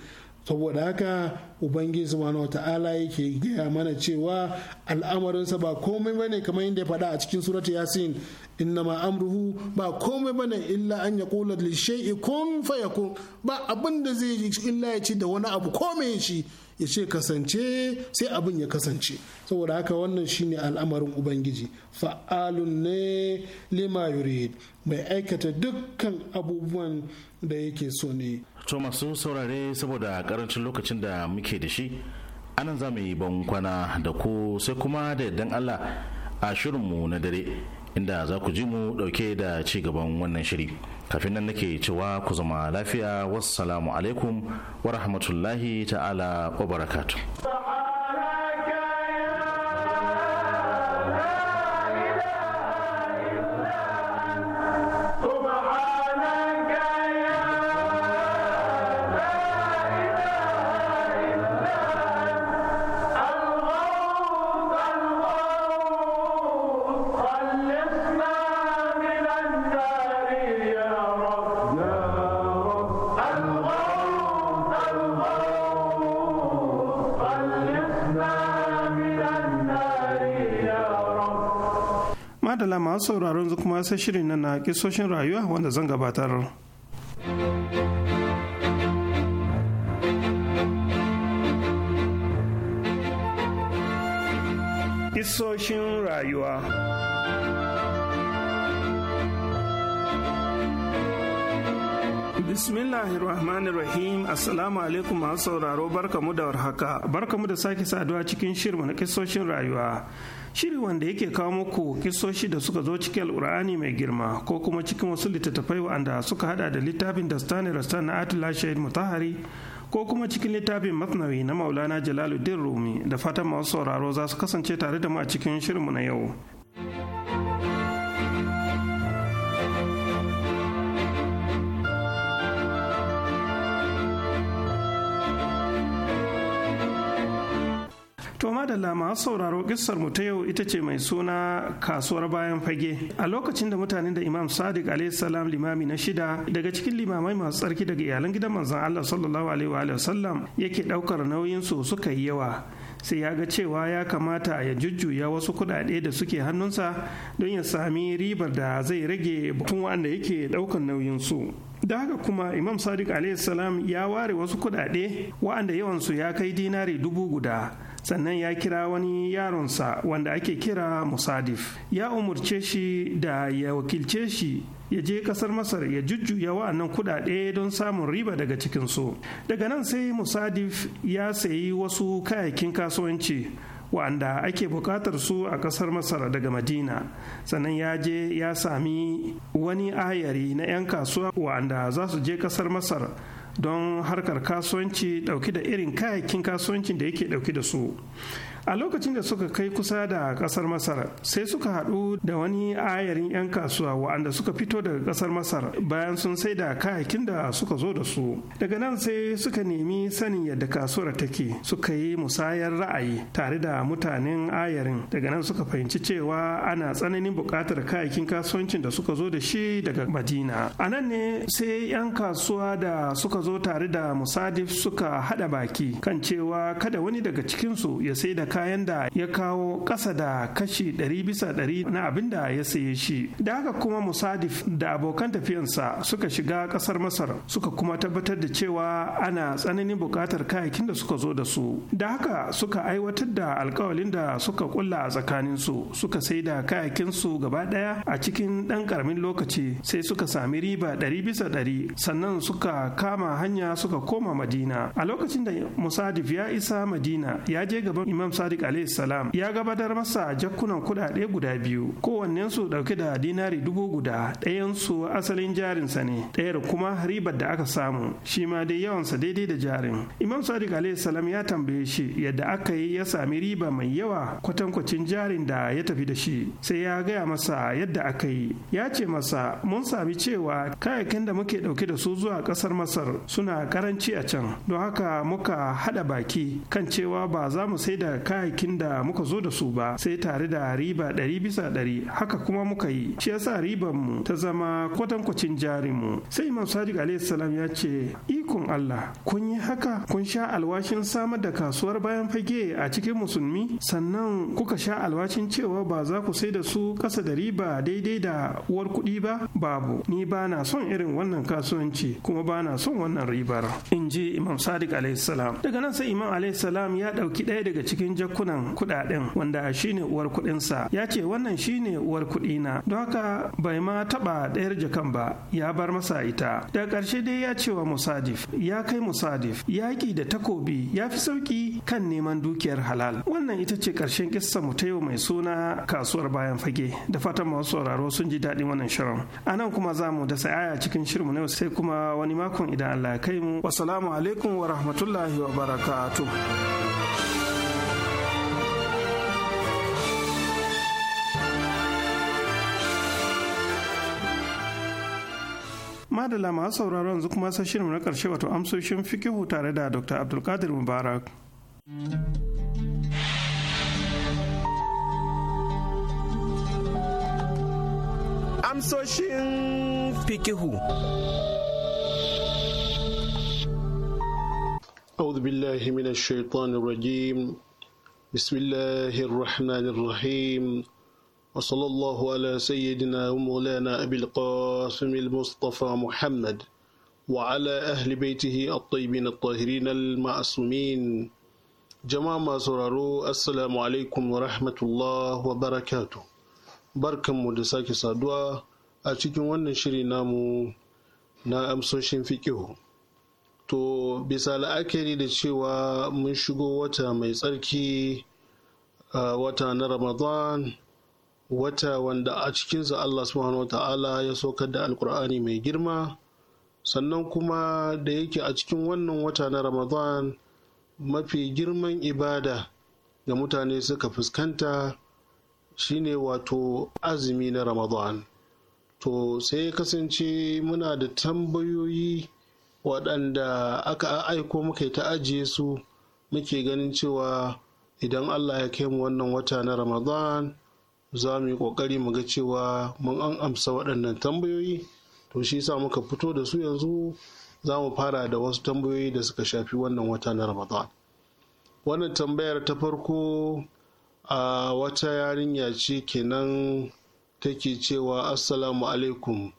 saboda haka ubangiji subhanahu wata'ala yake gaya mana cewa al'amarinsa ba komai bane kamar yadda ya faɗa a cikin surati yasin ma amruhu ba komai bane illa an yaqula li kun fayakun ba abin da zai illa ya ci da wani abu komai shi ya ce kasance sai abin ya kasance saboda haka wannan shine al'amarin ubangiji fa'alun ne lima yurid mai aikata dukkan abubuwan da yake so ne to masu saurare saboda karancin lokacin da muke da shi anan za mu yi bankwana da ku sai kuma da yardan allah a shirinmu na dare inda za ku ji mu dauke da ci gaban wannan shiri kafin nan nake cewa ku zama lafiya wassalamu alaikum wa rahmatullahi ta'ala wa barakatuh masu sauraro yanzu kuma sai shirin na kisoshin rayuwa wanda zan gabatar. Kisoshin rayuwa Bismillahir Rahmanir Rahim Assalamu alaikum masu sauraro barkamu da warhaka barkamu da sake saduwa cikin shirma na kisoshin rayuwa shiri wanda yake kawo muku kisoshi da suka zo cikin alkur'ani mai girma ko kuma cikin wasu littattafai wanda suka hada da littafin dastani rastan na atula shahid mutahari ko kuma cikin littafin masnawi na maulana jalaluddin rumi da fatan masu sauraro za su kasance tare da mu a cikin shirinmu na yau madalla masu sauraro kissar mu ta yau ita ce mai suna kasuwar bayan fage a lokacin da mutanen da imam sadiq salam limami na shida daga cikin limamai masu tsarki daga iyalan gidan manzon allah sallallahu alaihi wa sallam yake daukar nauyin su suka yi yawa sai ya ga cewa ya kamata ya jujjuya wasu kuɗaɗe da suke hannunsa don ya sami ribar da zai rage batun wanda yake ɗaukar nauyin su da haka kuma imam sadiq salam ya ware wasu kuɗaɗe wa'anda yawansu ya kai dinari dubu guda sannan ya kira wani yaronsa wanda ake kira musadif ya umurce shi da ya wakilce shi ya je kasar masar ya jujjuya wa'annan kuɗaɗe don samun riba daga cikinsu daga nan sai musadif ya sayi wasu kayayyakin kasuwanci wa'anda ake buƙatar su a ƙasar masar daga madina sannan ya je ya sami wani ayari na 'yan kasuwa wa'anda za su je ƙasar masar don harkar kasuwanci dauke da irin kayayyakin kasuwancin da yake dauke da su a lokacin da suka kai kusa da kasar masar sai suka haɗu da wani ayarin 'yan kasuwa wa'anda suka fito daga kasar masar bayan sun sai da kayakin da suka zo da su daga nan sai suka nemi sanin yadda kasuwar take suka yi musayar ra'ayi tare da mutanen ayarin daga nan suka fahimci cewa ana tsananin buƙatar kayakin kasuwancin da suka zo da shi daga madina a nan ne sai 'yan kasuwa da suka zo tare da musadif suka haɗa baki kan cewa kada wani daga cikinsu ya sai da kayan da ya kawo ƙasa da kashi ɗari bisa ɗari na abin da ya saye shi da haka kuma musadif da abokan tafiyansa suka shiga ƙasar masar suka kuma tabbatar da cewa ana tsananin buƙatar kayakin da suka zo da su da haka suka aiwatar da alkawalin da suka kulla a tsakanin su suka sai da kayakinsu gaba ɗaya a cikin ɗan ƙaramin lokaci sai suka sami riba ɗari bisa ɗari sannan suka kama hanya suka koma madina a lokacin da musadif ya isa madina ya je gaban imam sadiq alayhi salam ya gabatar masa jakkunan kuɗaɗe guda biyu su ɗauke da dinari dubu guda ɗayansu asalin jarinsa ne ɗayar kuma ribar da aka samu shi ma dai yawansa daidai da jarin imam sadiq alayhi salam ya tambaye shi yadda aka yi ya sami riba mai yawa kwatankwacin jarin da ya tafi da shi sai ya gaya masa yadda aka yi ya ce masa mun sami cewa kayayyakin da muke ɗauke da su zuwa ƙasar masar suna karanci a can don haka muka haɗa baki kan cewa ba za mu sai da kayayyakin da muka zo da su ba sai tare da riba ɗari bisa ɗari haka kuma muka yi shi yasa ribar mu ta zama kwatankwacin jarin mu sai imam sadiq alaihi ya ce ikon Allah kun yi haka kun sha alwashin samar da kasuwar bayan fage a cikin musulmi sannan kuka sha alwashin cewa ba za ku sai da su kasa da riba daidai da uwar kuɗi ba babu ni ba na son irin wannan kasuwanci kuma ba na son wannan ribar in ji imam sadiq alaihi daga nan sai imam alaihi ya ɗauki ɗaya daga cikin jakunan kudaden wanda shine uwar kudinsa ya ce wannan shine uwar na don haka bai ma taba ɗayar jakan ba ya bar masa ita da ƙarshe dai ya cewa musadif ya kai musadif yaƙi da takobi ya fi sauƙi kan neman dukiyar halal wannan ita ce ƙarshen kissa mu ta yau mai suna kasuwar bayan fage da fatan masu sauraro sun ji daɗin wannan shirin a nan kuma za mu da sa'aya cikin shirinmu na yau sai kuma wani makon idan Allah ya kai mu wasalamu alaikum wa rahmatullahi wa barakatuh madala masu sauraro yanzu kuma sai shirin na karshe wato amsoshin fikihu tare da dr abdulkadir mubarak amsoshin fikihu أعوذ بالله من الشيطان الرجيم بسم الله الرحمن الرحيم وصلى الله على سيدنا ومولانا أبي القاسم المصطفى محمد وعلى أهل بيته الطيبين الطاهرين المعصومين جماعة سرارو السلام عليكم ورحمة الله وبركاته barkan mu da sake saduwa a cikin wannan shiri namu na amsoshin fikihu to bisa la'akari da cewa mun shigo wata mai tsarki wata na ramadan wata wanda a cikinsa Allah subhanahu wa ta'ala ya saukar da alkur'ani mai girma sannan kuma da yake a cikin wannan wata na ramadan mafi girman ibada ga mutane suka fuskanta shine wato azumi na ramadan to sai ya kasance muna da tambayoyi waɗanda aka aiko muka ta ajiye su muke ganin cewa idan allah ya kai mu wannan wata na ramadan za mu yi ƙoƙari mu ga cewa mun an amsa waɗannan tambayoyi to shi sa muka fito da su yanzu za mu fara da wasu tambayoyi da suka shafi wannan wata na ramadan wannan tambayar ta farko a wata yarinya ce kenan take cewa assalamu alaikum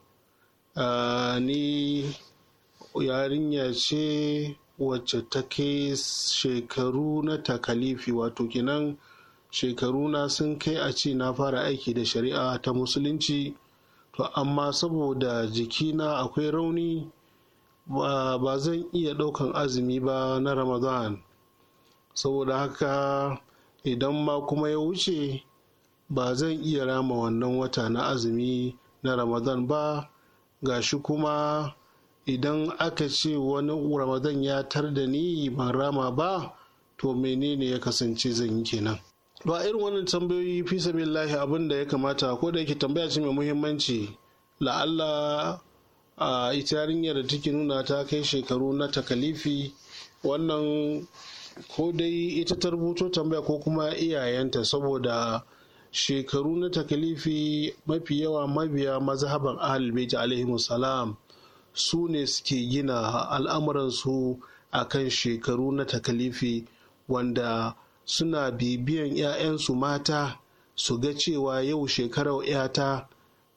ni yarinya ce wacce take shekaru na takalifi wato kenan Shekaru na sun kai a ce na fara aiki da shari'a ta musulunci to amma saboda jikina akwai rauni ba zan iya ɗaukan azumi ba na ramadan saboda haka idan ma kuma ya wuce ba zan iya rama wannan wata na azumi na ramadan ba ga shi kuma idan aka ce wani ramadan ya tar da ni ban rama ba to menene ya kasance zan yi kenan ba irin wannan tambayoyi fi sabilillahi abin da ya kamata ko da yake tambaya ce mai muhimmanci la'alla a ita da take nuna ta kai shekaru na takalifi wannan ko dai ita ta rubuto tambaya ko kuma iyayenta saboda shekaru na takalifi mafi yawa mabiya mazhaban ahalbeji alaihimu salam su ne suke gina al'amuransu a kan shekaru na takalifi wanda suna bibiyan 'ya'yansu mata su ga cewa yau shekarar 'yata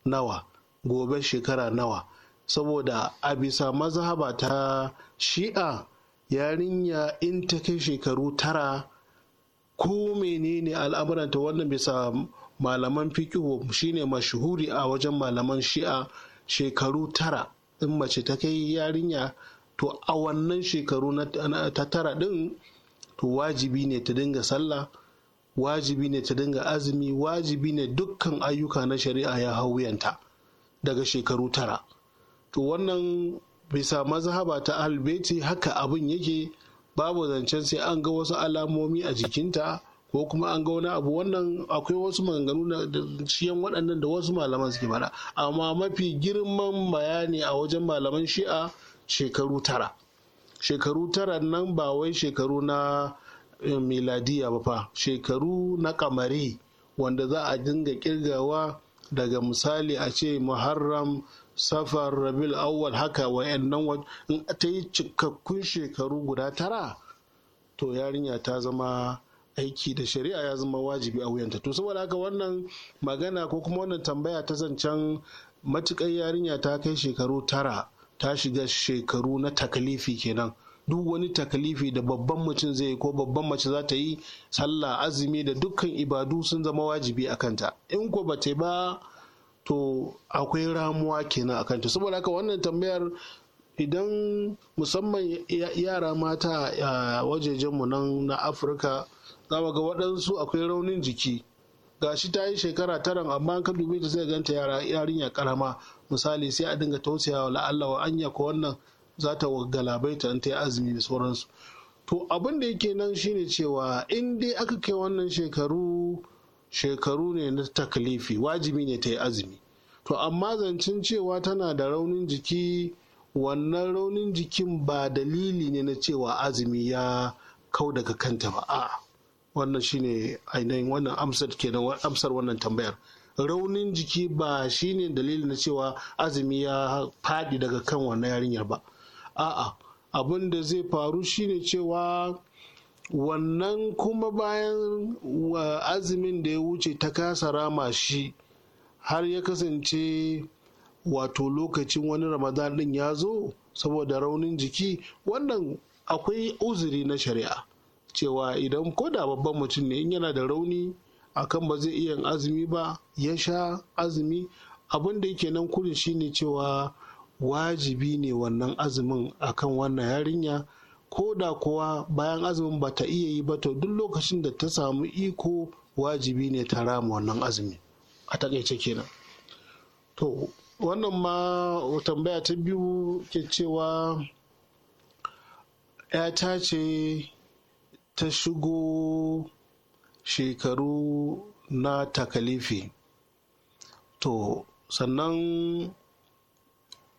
nawa gobe shekara nawa saboda a bisa mazhaba ta shi'a yarinya in ta kai shekaru tara ko menene al'amuranta wannan bisa malaman fikihu shine mashuhuri a wajen malaman shi'a shekaru tara in mace ta kai yarinya to a wannan shekaru ta tara din to wajibi ne ta dinga sallah wajibi ne ta dinga azumi wajibi ne dukkan ayyuka na shari'a ya hau wuyanta daga shekaru tara to wannan bisa mazhaba ta albeti haka abin yake babu zancen sai an ga wasu alamomi a jikinta ko kuma an ga wani abu wannan akwai wasu maganganu da ciyan waɗannan da wasu malaman suke faɗa amma mafi girman bayani a wajen malaman shi'a shekaru tara shekaru tara nan ba wai shekaru na eh, miladiya ba fa shekaru na kamari wanda za a dinga kirgawa daga misali a ce muharram safar rabil awwal haka wa'annan in ta yi cikakkun shekaru guda tara to yarinya ta zama aiki da shari'a ya zama wajibi a wuyanta to saboda haka wannan magana ko kuma wannan tambaya ta zancen matuƙar yarinya ta kai shekaru tara ta shiga shekaru na takalifi kenan duk wani takalifi da babban mutum zai yi ko babban mace za ta yi sallah azumi da dukkan ibadu sun zama wajibi a kanta in ko ba ta ba to akwai ramuwa kenan a kanta saboda haka wannan tambayar idan musamman yara mata a wajejenmu nan na afirka za mu ga waɗansu akwai raunin jiki gashi ta yi shekara tara amma ka dubi ta zai ganta yara yarinya karama misali sai a dinga tausayawa la'alla wa anya ko wannan za ta galabaita in ta azumi da sauransu to abin da yake nan shine cewa in dai aka kai wannan shekaru shekaru ne na taklifi wajibi ne ta yi azumi to amma zancen cewa tana da raunin jiki wannan raunin jikin ba dalili ne na cewa azumi ya kau daga kanta ba a'a wannan shine ainihin wannan amsar kenan amsar wannan tambayar raunin jiki ba shine dalilin na cewa azumi ya faɗi daga kan wannan yarinyar ba a'a abin da zai faru shine cewa wannan kuma bayan wa azumin da ya wuce ta kasa rama shi har ya kasance wato lokacin wani ramadan din ya zo saboda raunin jiki wannan akwai uzuri na shari'a cewa idan ko da babban mutum ne in yana da rauni akan ba zai iya azumi ba ya sha azumi abin da yake nan kurin shine cewa wajibi ne wannan azumin akan wannan yarinya ko da kuwa bayan azumin ba ta iya yi ba to duk lokacin da ta samu iko wajibi ne ta rama wannan azumi a takaice kenan to wannan ma tambaya ta biyu ke cewa ‘yata ce ta shigo shekaru na takalifi to sannan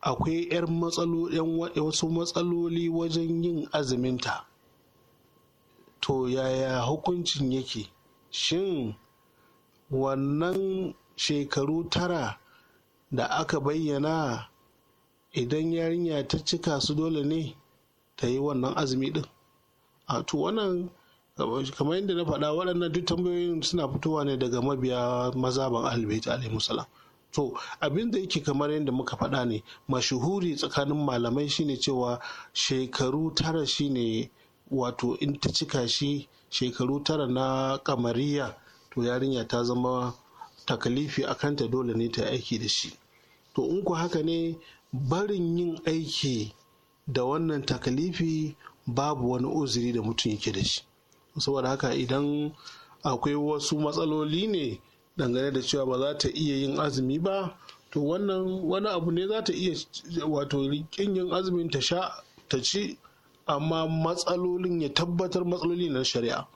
akwai 'yan wasu matsaloli wajen yin aziminta, to yaya hukuncin yake shin wannan shekaru tara da aka bayyana idan yarinya ta cika su dole ne ta yi wannan azumi din a to wannan kamar yadda na faɗa waɗannan duk tambayoyin suna fitowa ne daga mabiya mazaban ahlulbayt alaihi musalam to abin da yake kamar yadda muka faɗa ne mashuhuri tsakanin malamai shine cewa shekaru tara shine wato in ta cika shi shekaru tara na kamariya to yarinya ta zama takalifi a kanta dole ne ta aiki da shi to in ku haka ne barin yin aiki da wannan takalifi babu wani uzuri da mutum yake da shi saboda haka idan akwai wasu matsaloli ne dangane da cewa ba za ta iya yin azumi ba to wannan wani abu ne za ta iya wato rikin yin azumin ta sha ta ci amma matsalolin ya tabbatar matsaloli na shari'a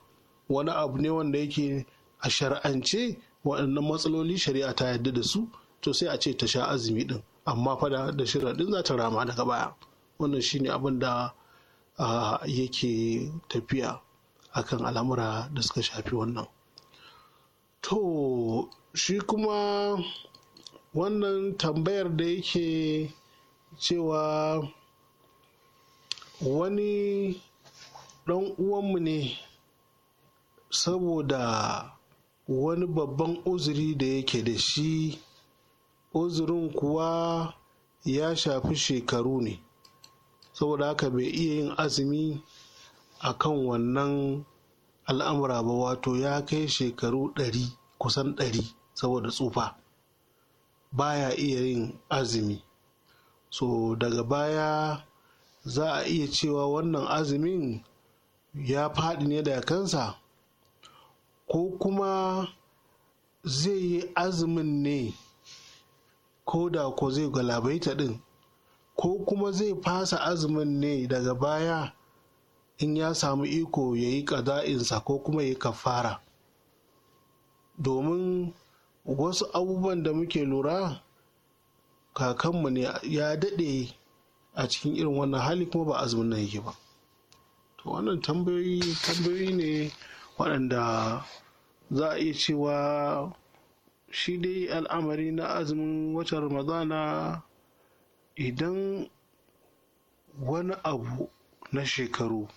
wani abu ne wanda yake a shari'ance waɗannan matsaloli shari'a ta yarda da su to sai a ce ta sha azumi din amma fada da din za ta rama daga baya wannan shine abin da ah, yake tafiya akan al'amura da suka shafi wannan to shi kuma wannan tambayar da yake cewa wani ɗan uwanmu ne saboda wani babban uzuri da yake da shi uzurin kuwa ya shafi shekaru ne saboda haka bai iya yin azumi akan wannan al'amura ba wato ya kai shekaru ɗari kusan ɗari saboda tsufa baya iya yin azumi so daga baya za a iya cewa wannan azumin ya faɗi ne da kansa ko kuma zai yi azumin ne ko da ko zai galabaita ɗin ko kuma zai fasa azumin ne daga baya in ya samu iko ya yi ƙaza'insa ko kuma ya kafara domin wasu abubuwan da muke lura kakanmu ne ya daɗe a cikin irin wannan hali kuma ba azumin nan yake ba to wannan tambayoyi tambayoyi ne waɗanda za a iya cewa shi dai al'amari na azumin watan ramadana idan wani abu na shekaru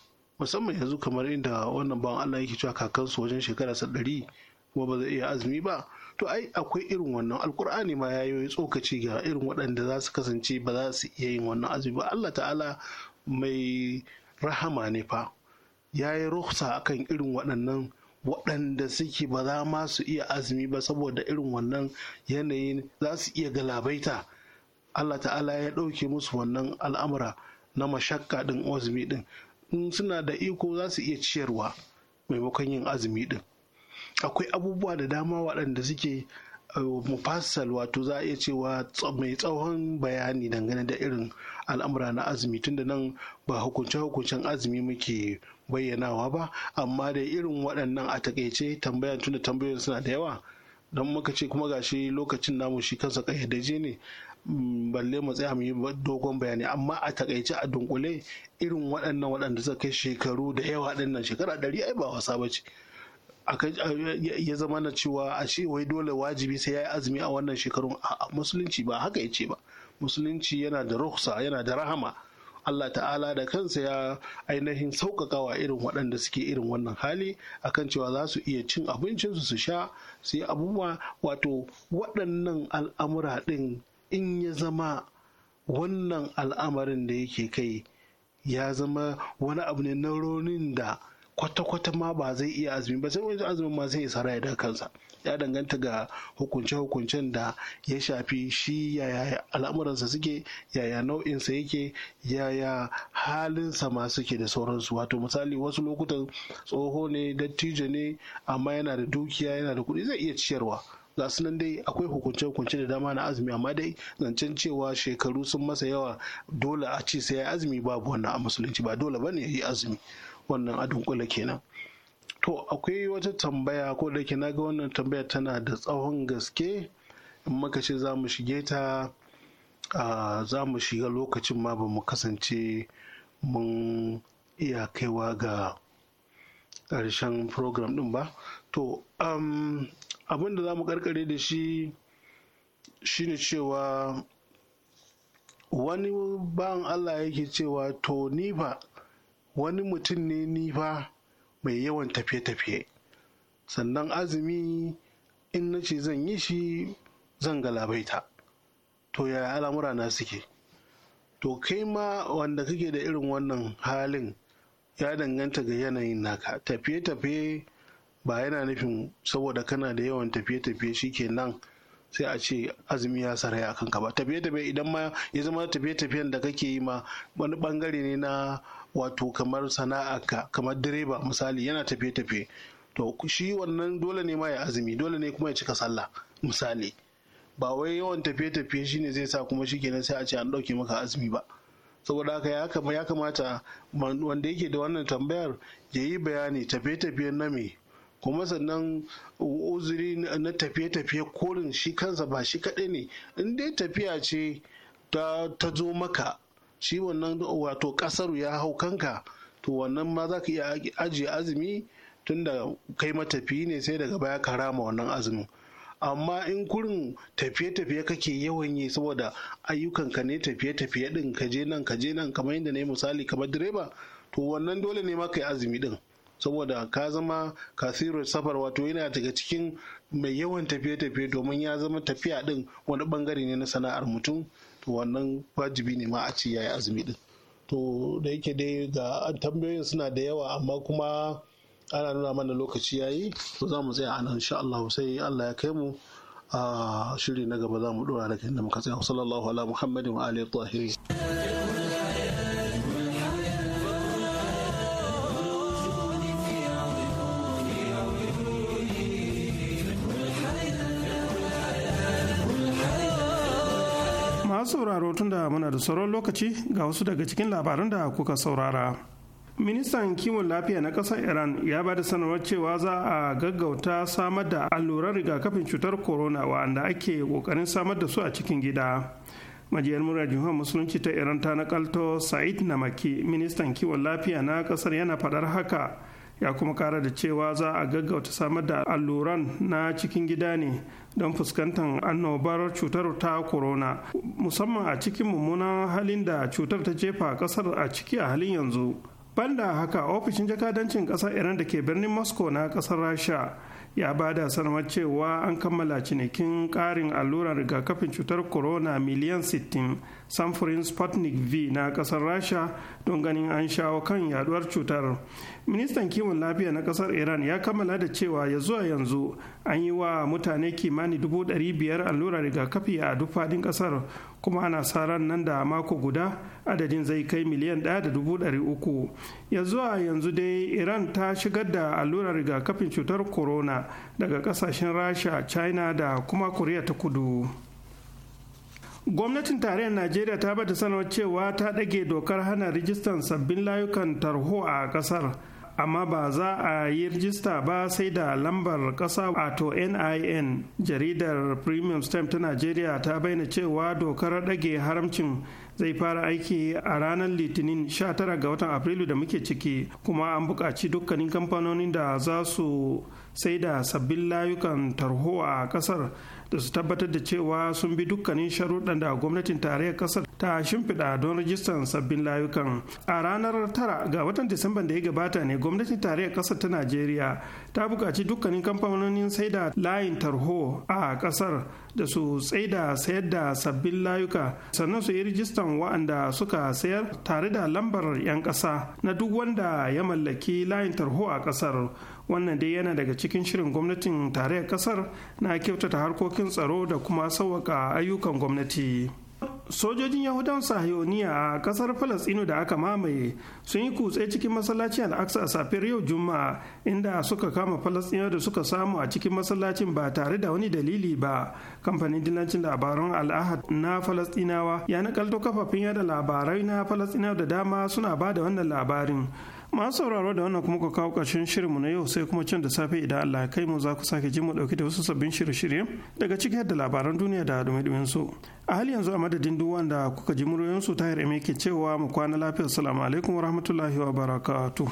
musamman yanzu kamar inda wannan bawan Allah yake cewa kakansu wajen shekara sa ɗari kuma ba zai iya azumi ba to ai akwai irin wannan alkur'ani ma ya yi tsokaci ga irin waɗanda za su kasance ba za su iya yin wannan azumi ba Allah ta'ala mai rahama ne fa ya yi ruhsa akan irin waɗannan waɗanda suke ba za ma su iya azumi ba saboda irin wannan yanayin za su iya galabaita Allah ta'ala ya ɗauke musu wannan al'amura na mashakka ɗin azumi ɗin in suna da iko za su iya ciyarwa maimakon yin azumi din akwai abubuwa da dama waɗanda suke uh, mufassal wato za a iya cewa mai tsawon bayani dangane da irin al'amura na azumi tunda nan ba hukunce-hukuncen azumi muke bayyanawa ba amma da irin waɗannan a takaice tambayan tunda tambayoyin suna da yawa don muka ce kuma gashi lokacin namu shi kansa kayyadaje ne mm, balle mu tsaya mu yi dogon bayani amma a takaice a dunkule irin waɗannan waɗanda suka kai shekaru da yawa ɗin nan shekara ɗari ai ba wasa ba ce ya zama na cewa a ce wai dole wajibi sai ya yi azumi a wannan shekarun a musulunci ba haka ya ce ba musulunci yana da ruhsa yana da rahama Allah ta'ala da kansa ya ainihin sauƙaƙawa irin waɗanda suke irin wannan hali akan cewa za su iya cin abincinsu su sha su yi abubuwa wato waɗannan al'amura ɗin in ya zama wannan al'amarin da yake kai ya zama wani abu ne na da kwata-kwata ma ba zai iya azumi ba sai wani azumin ma zai tsara ya da kansa ya danganta ga hukunce-hukuncen da ya shafi shi yaya al'amuransa suke yaya nau'insa yake yaya halinsa ma suke da sauransu wato misali wasu lokutan tsoho ne dattijo ne amma yana da dukiya yana da kuɗi zai iya ciyarwa ga su dai akwai hukunce-hukunce da dama na azumi amma dai zancen cewa shekaru sun masa yawa dole a ce sai ya azumi babu wannan a musulunci ba dole bane ya yi azumi wannan a kenan to akwai wata tambaya ko da ke naga wannan tambaya tana da tsawon gaske in muka ce za mu shige ta za mu shiga lokacin ma ba mu kasance mun iya kaiwa ga ƙarshen program ɗin ba to abin da za mu karkare da shi shine cewa wani bayan allah yake cewa to ni ba wani mutum ne ni fa mai yawan tafiye-tafiye sannan azumi in na ce zan yi shi zan galabaita to yaya al'amura na suke to kai ma wanda kake da irin wannan halin ya danganta ga yanayin naka tafiye-tafiye ba yana nufin saboda kana da yawan tafiye-tafiye shi ke nan sai a ce azumi ya saraya a kanka ba tafiye-tafiye idan ma ya zama tafiye-tafiyen da kake yi ma wani bangare ne na wato kamar sana'a kamar direba misali yana tafiye-tafiye to shi wannan dole ne ma ya azumi dole ne kuma ya cika sallah misali ba wai yawan tafiye-tafiye shine zai sa kuma shikenan sai a ce an ɗauke maka azumi ba saboda haka ya kamata wanda yake da wannan tambayar ya yi bayani tafiye tafiyen na me kuma sannan uzuri na tafiye-tafiye korin shi kansa ba shi kaɗai ne in dai tafiya ce ta zo maka shi wannan wato ƙasar ya hau kanka to wannan ma za ka iya ajiye azumi tun da kai matafiyi ne sai daga baya ka rama wannan azumin amma in kurin tafiye-tafiye kake yawan yi saboda ayyukanka ne tafiye-tafiye din ka je nan ka je nan kamar yadda na yi misali kamar direba to wannan dole ne ma ka yi azumi din saboda ka zama kasirar safar wato yana daga cikin mai yawan tafiye-tafiye domin ya zama tafiya din wani bangare ne na sana'ar mutum to wannan wajibi ne ma a ce yayi azumi din to da yake dai ga tambayoyin suna da yawa amma kuma ana nuna mana lokaci yayi to za mu tsaya anan insha Allah sai Allah ya kai mu a shiri na gaba za mu dora da kan da muka tsaya sallallahu ala muhammadin wa alihi tahirin masu sauraro tunda muna da sauran lokaci ga wasu daga cikin labaran da kuka saurara. Ministan kiwon lafiya na ƙasar Iran ya ba da sanarwar cewa za a gaggauta samar da allurar rigakafin cutar corona wa'anda ake ƙoƙarin samar da su a cikin gida. majiyar murar jihar musulunci ta iran ta nakalto sa'id namaki ministan kiwon lafiya na ƙasar yana faɗar haka ya kuma kara da cewa za a gaggauta samar da alluran na cikin gida ne don fuskantar annobar cutar ta corona musamman a cikin mummunan halin da cutar ta jefa kasar a ciki a halin yanzu banda haka ofishin jakadancin kasar iran da ke birnin moscow na kasar rasha ya ba da sanarwar cewa an kammala cinikin ƙarin allurar rigakafin cutar corona miliyan 60 samfurin sputnik v na ƙasar rasha don ganin an shawo kan yaduwar cutar ministan kiwon lafiya na ƙasar iran ya kammala da cewa ya zuwa yanzu an yi wa mutane kimanin 500 allurar rigakafi a duk faɗin ƙasar kuma ana sa ran nan da mako guda adadin zai kai miliyan ɗaya da dubu ɗari uku Ya zuwa yanzu dai iran ta shigar da allurar rigakafin cutar corona daga kasashen rasha china da kuma koriya ta kudu gwamnatin tarayyar najeriya ta bada sanarwar cewa ta ɗage dokar hana rijistan sabbin layukan tarho a ƙasar amma ba za a yi rijista ba sai da lambar ƙasa wato NIN jaridar premium stamp ta nigeria ta bayyana cewa dokar ɗage haramcin zai fara aiki a ranar litinin 19 ga watan afrilu da muke ciki kuma an buƙaci dukkanin kamfanonin da za su sai da sabbin layukan tarho a ƙasar da su tabbatar da cewa sun bi dukkanin sharuɗan da gwamnatin tarayyar ƙasar ta shimfiɗa don rajistan sabbin layukan a ranar tara ga watan disamban da ya gabata ne gwamnatin tarayyar ƙasar ta najeriya ta buƙaci dukkanin kamfanonin saida layin tarho a ƙasar da su tsaida sayar da sabbin layuka sannan su yi rijistan wa'anda suka sayar tare da lambar 'yan ƙasa na duk wanda ya mallaki layin tarho a ƙasar wannan dai yana daga cikin shirin gwamnatin tarayyar ƙasar na kyautata harkokin tsaro da kuma sauwaƙa ayyukan gwamnati. sojojin yahudan sahiyoniya a kasar falasino da aka mamaye sun yi kutse cikin masallacin al'aksa a safiyar yau juma'a inda suka kama falasino da suka samu a cikin masallacin ba tare da wani dalili ba kamfanin dillancin labaran al'ahad na falastinawa ya nakalto kafafen yada labarai na falastinawa da dama suna ba da wannan labarin masu sauraro da wannan kuma ku kawo ƙarshen shirinmu na yau sai kuma can da safe idan Allah ya kai mu za ku sake ji mu ɗauki da wasu sabbin shirye-shirye daga ciki da labaran duniya da dumi su a hali yanzu a madadin duk wanda kuka ji muryoyinsu ta yarda ke cewa mu kwana lafiya salamu alaikum wa rahmatullahi wa barakatu.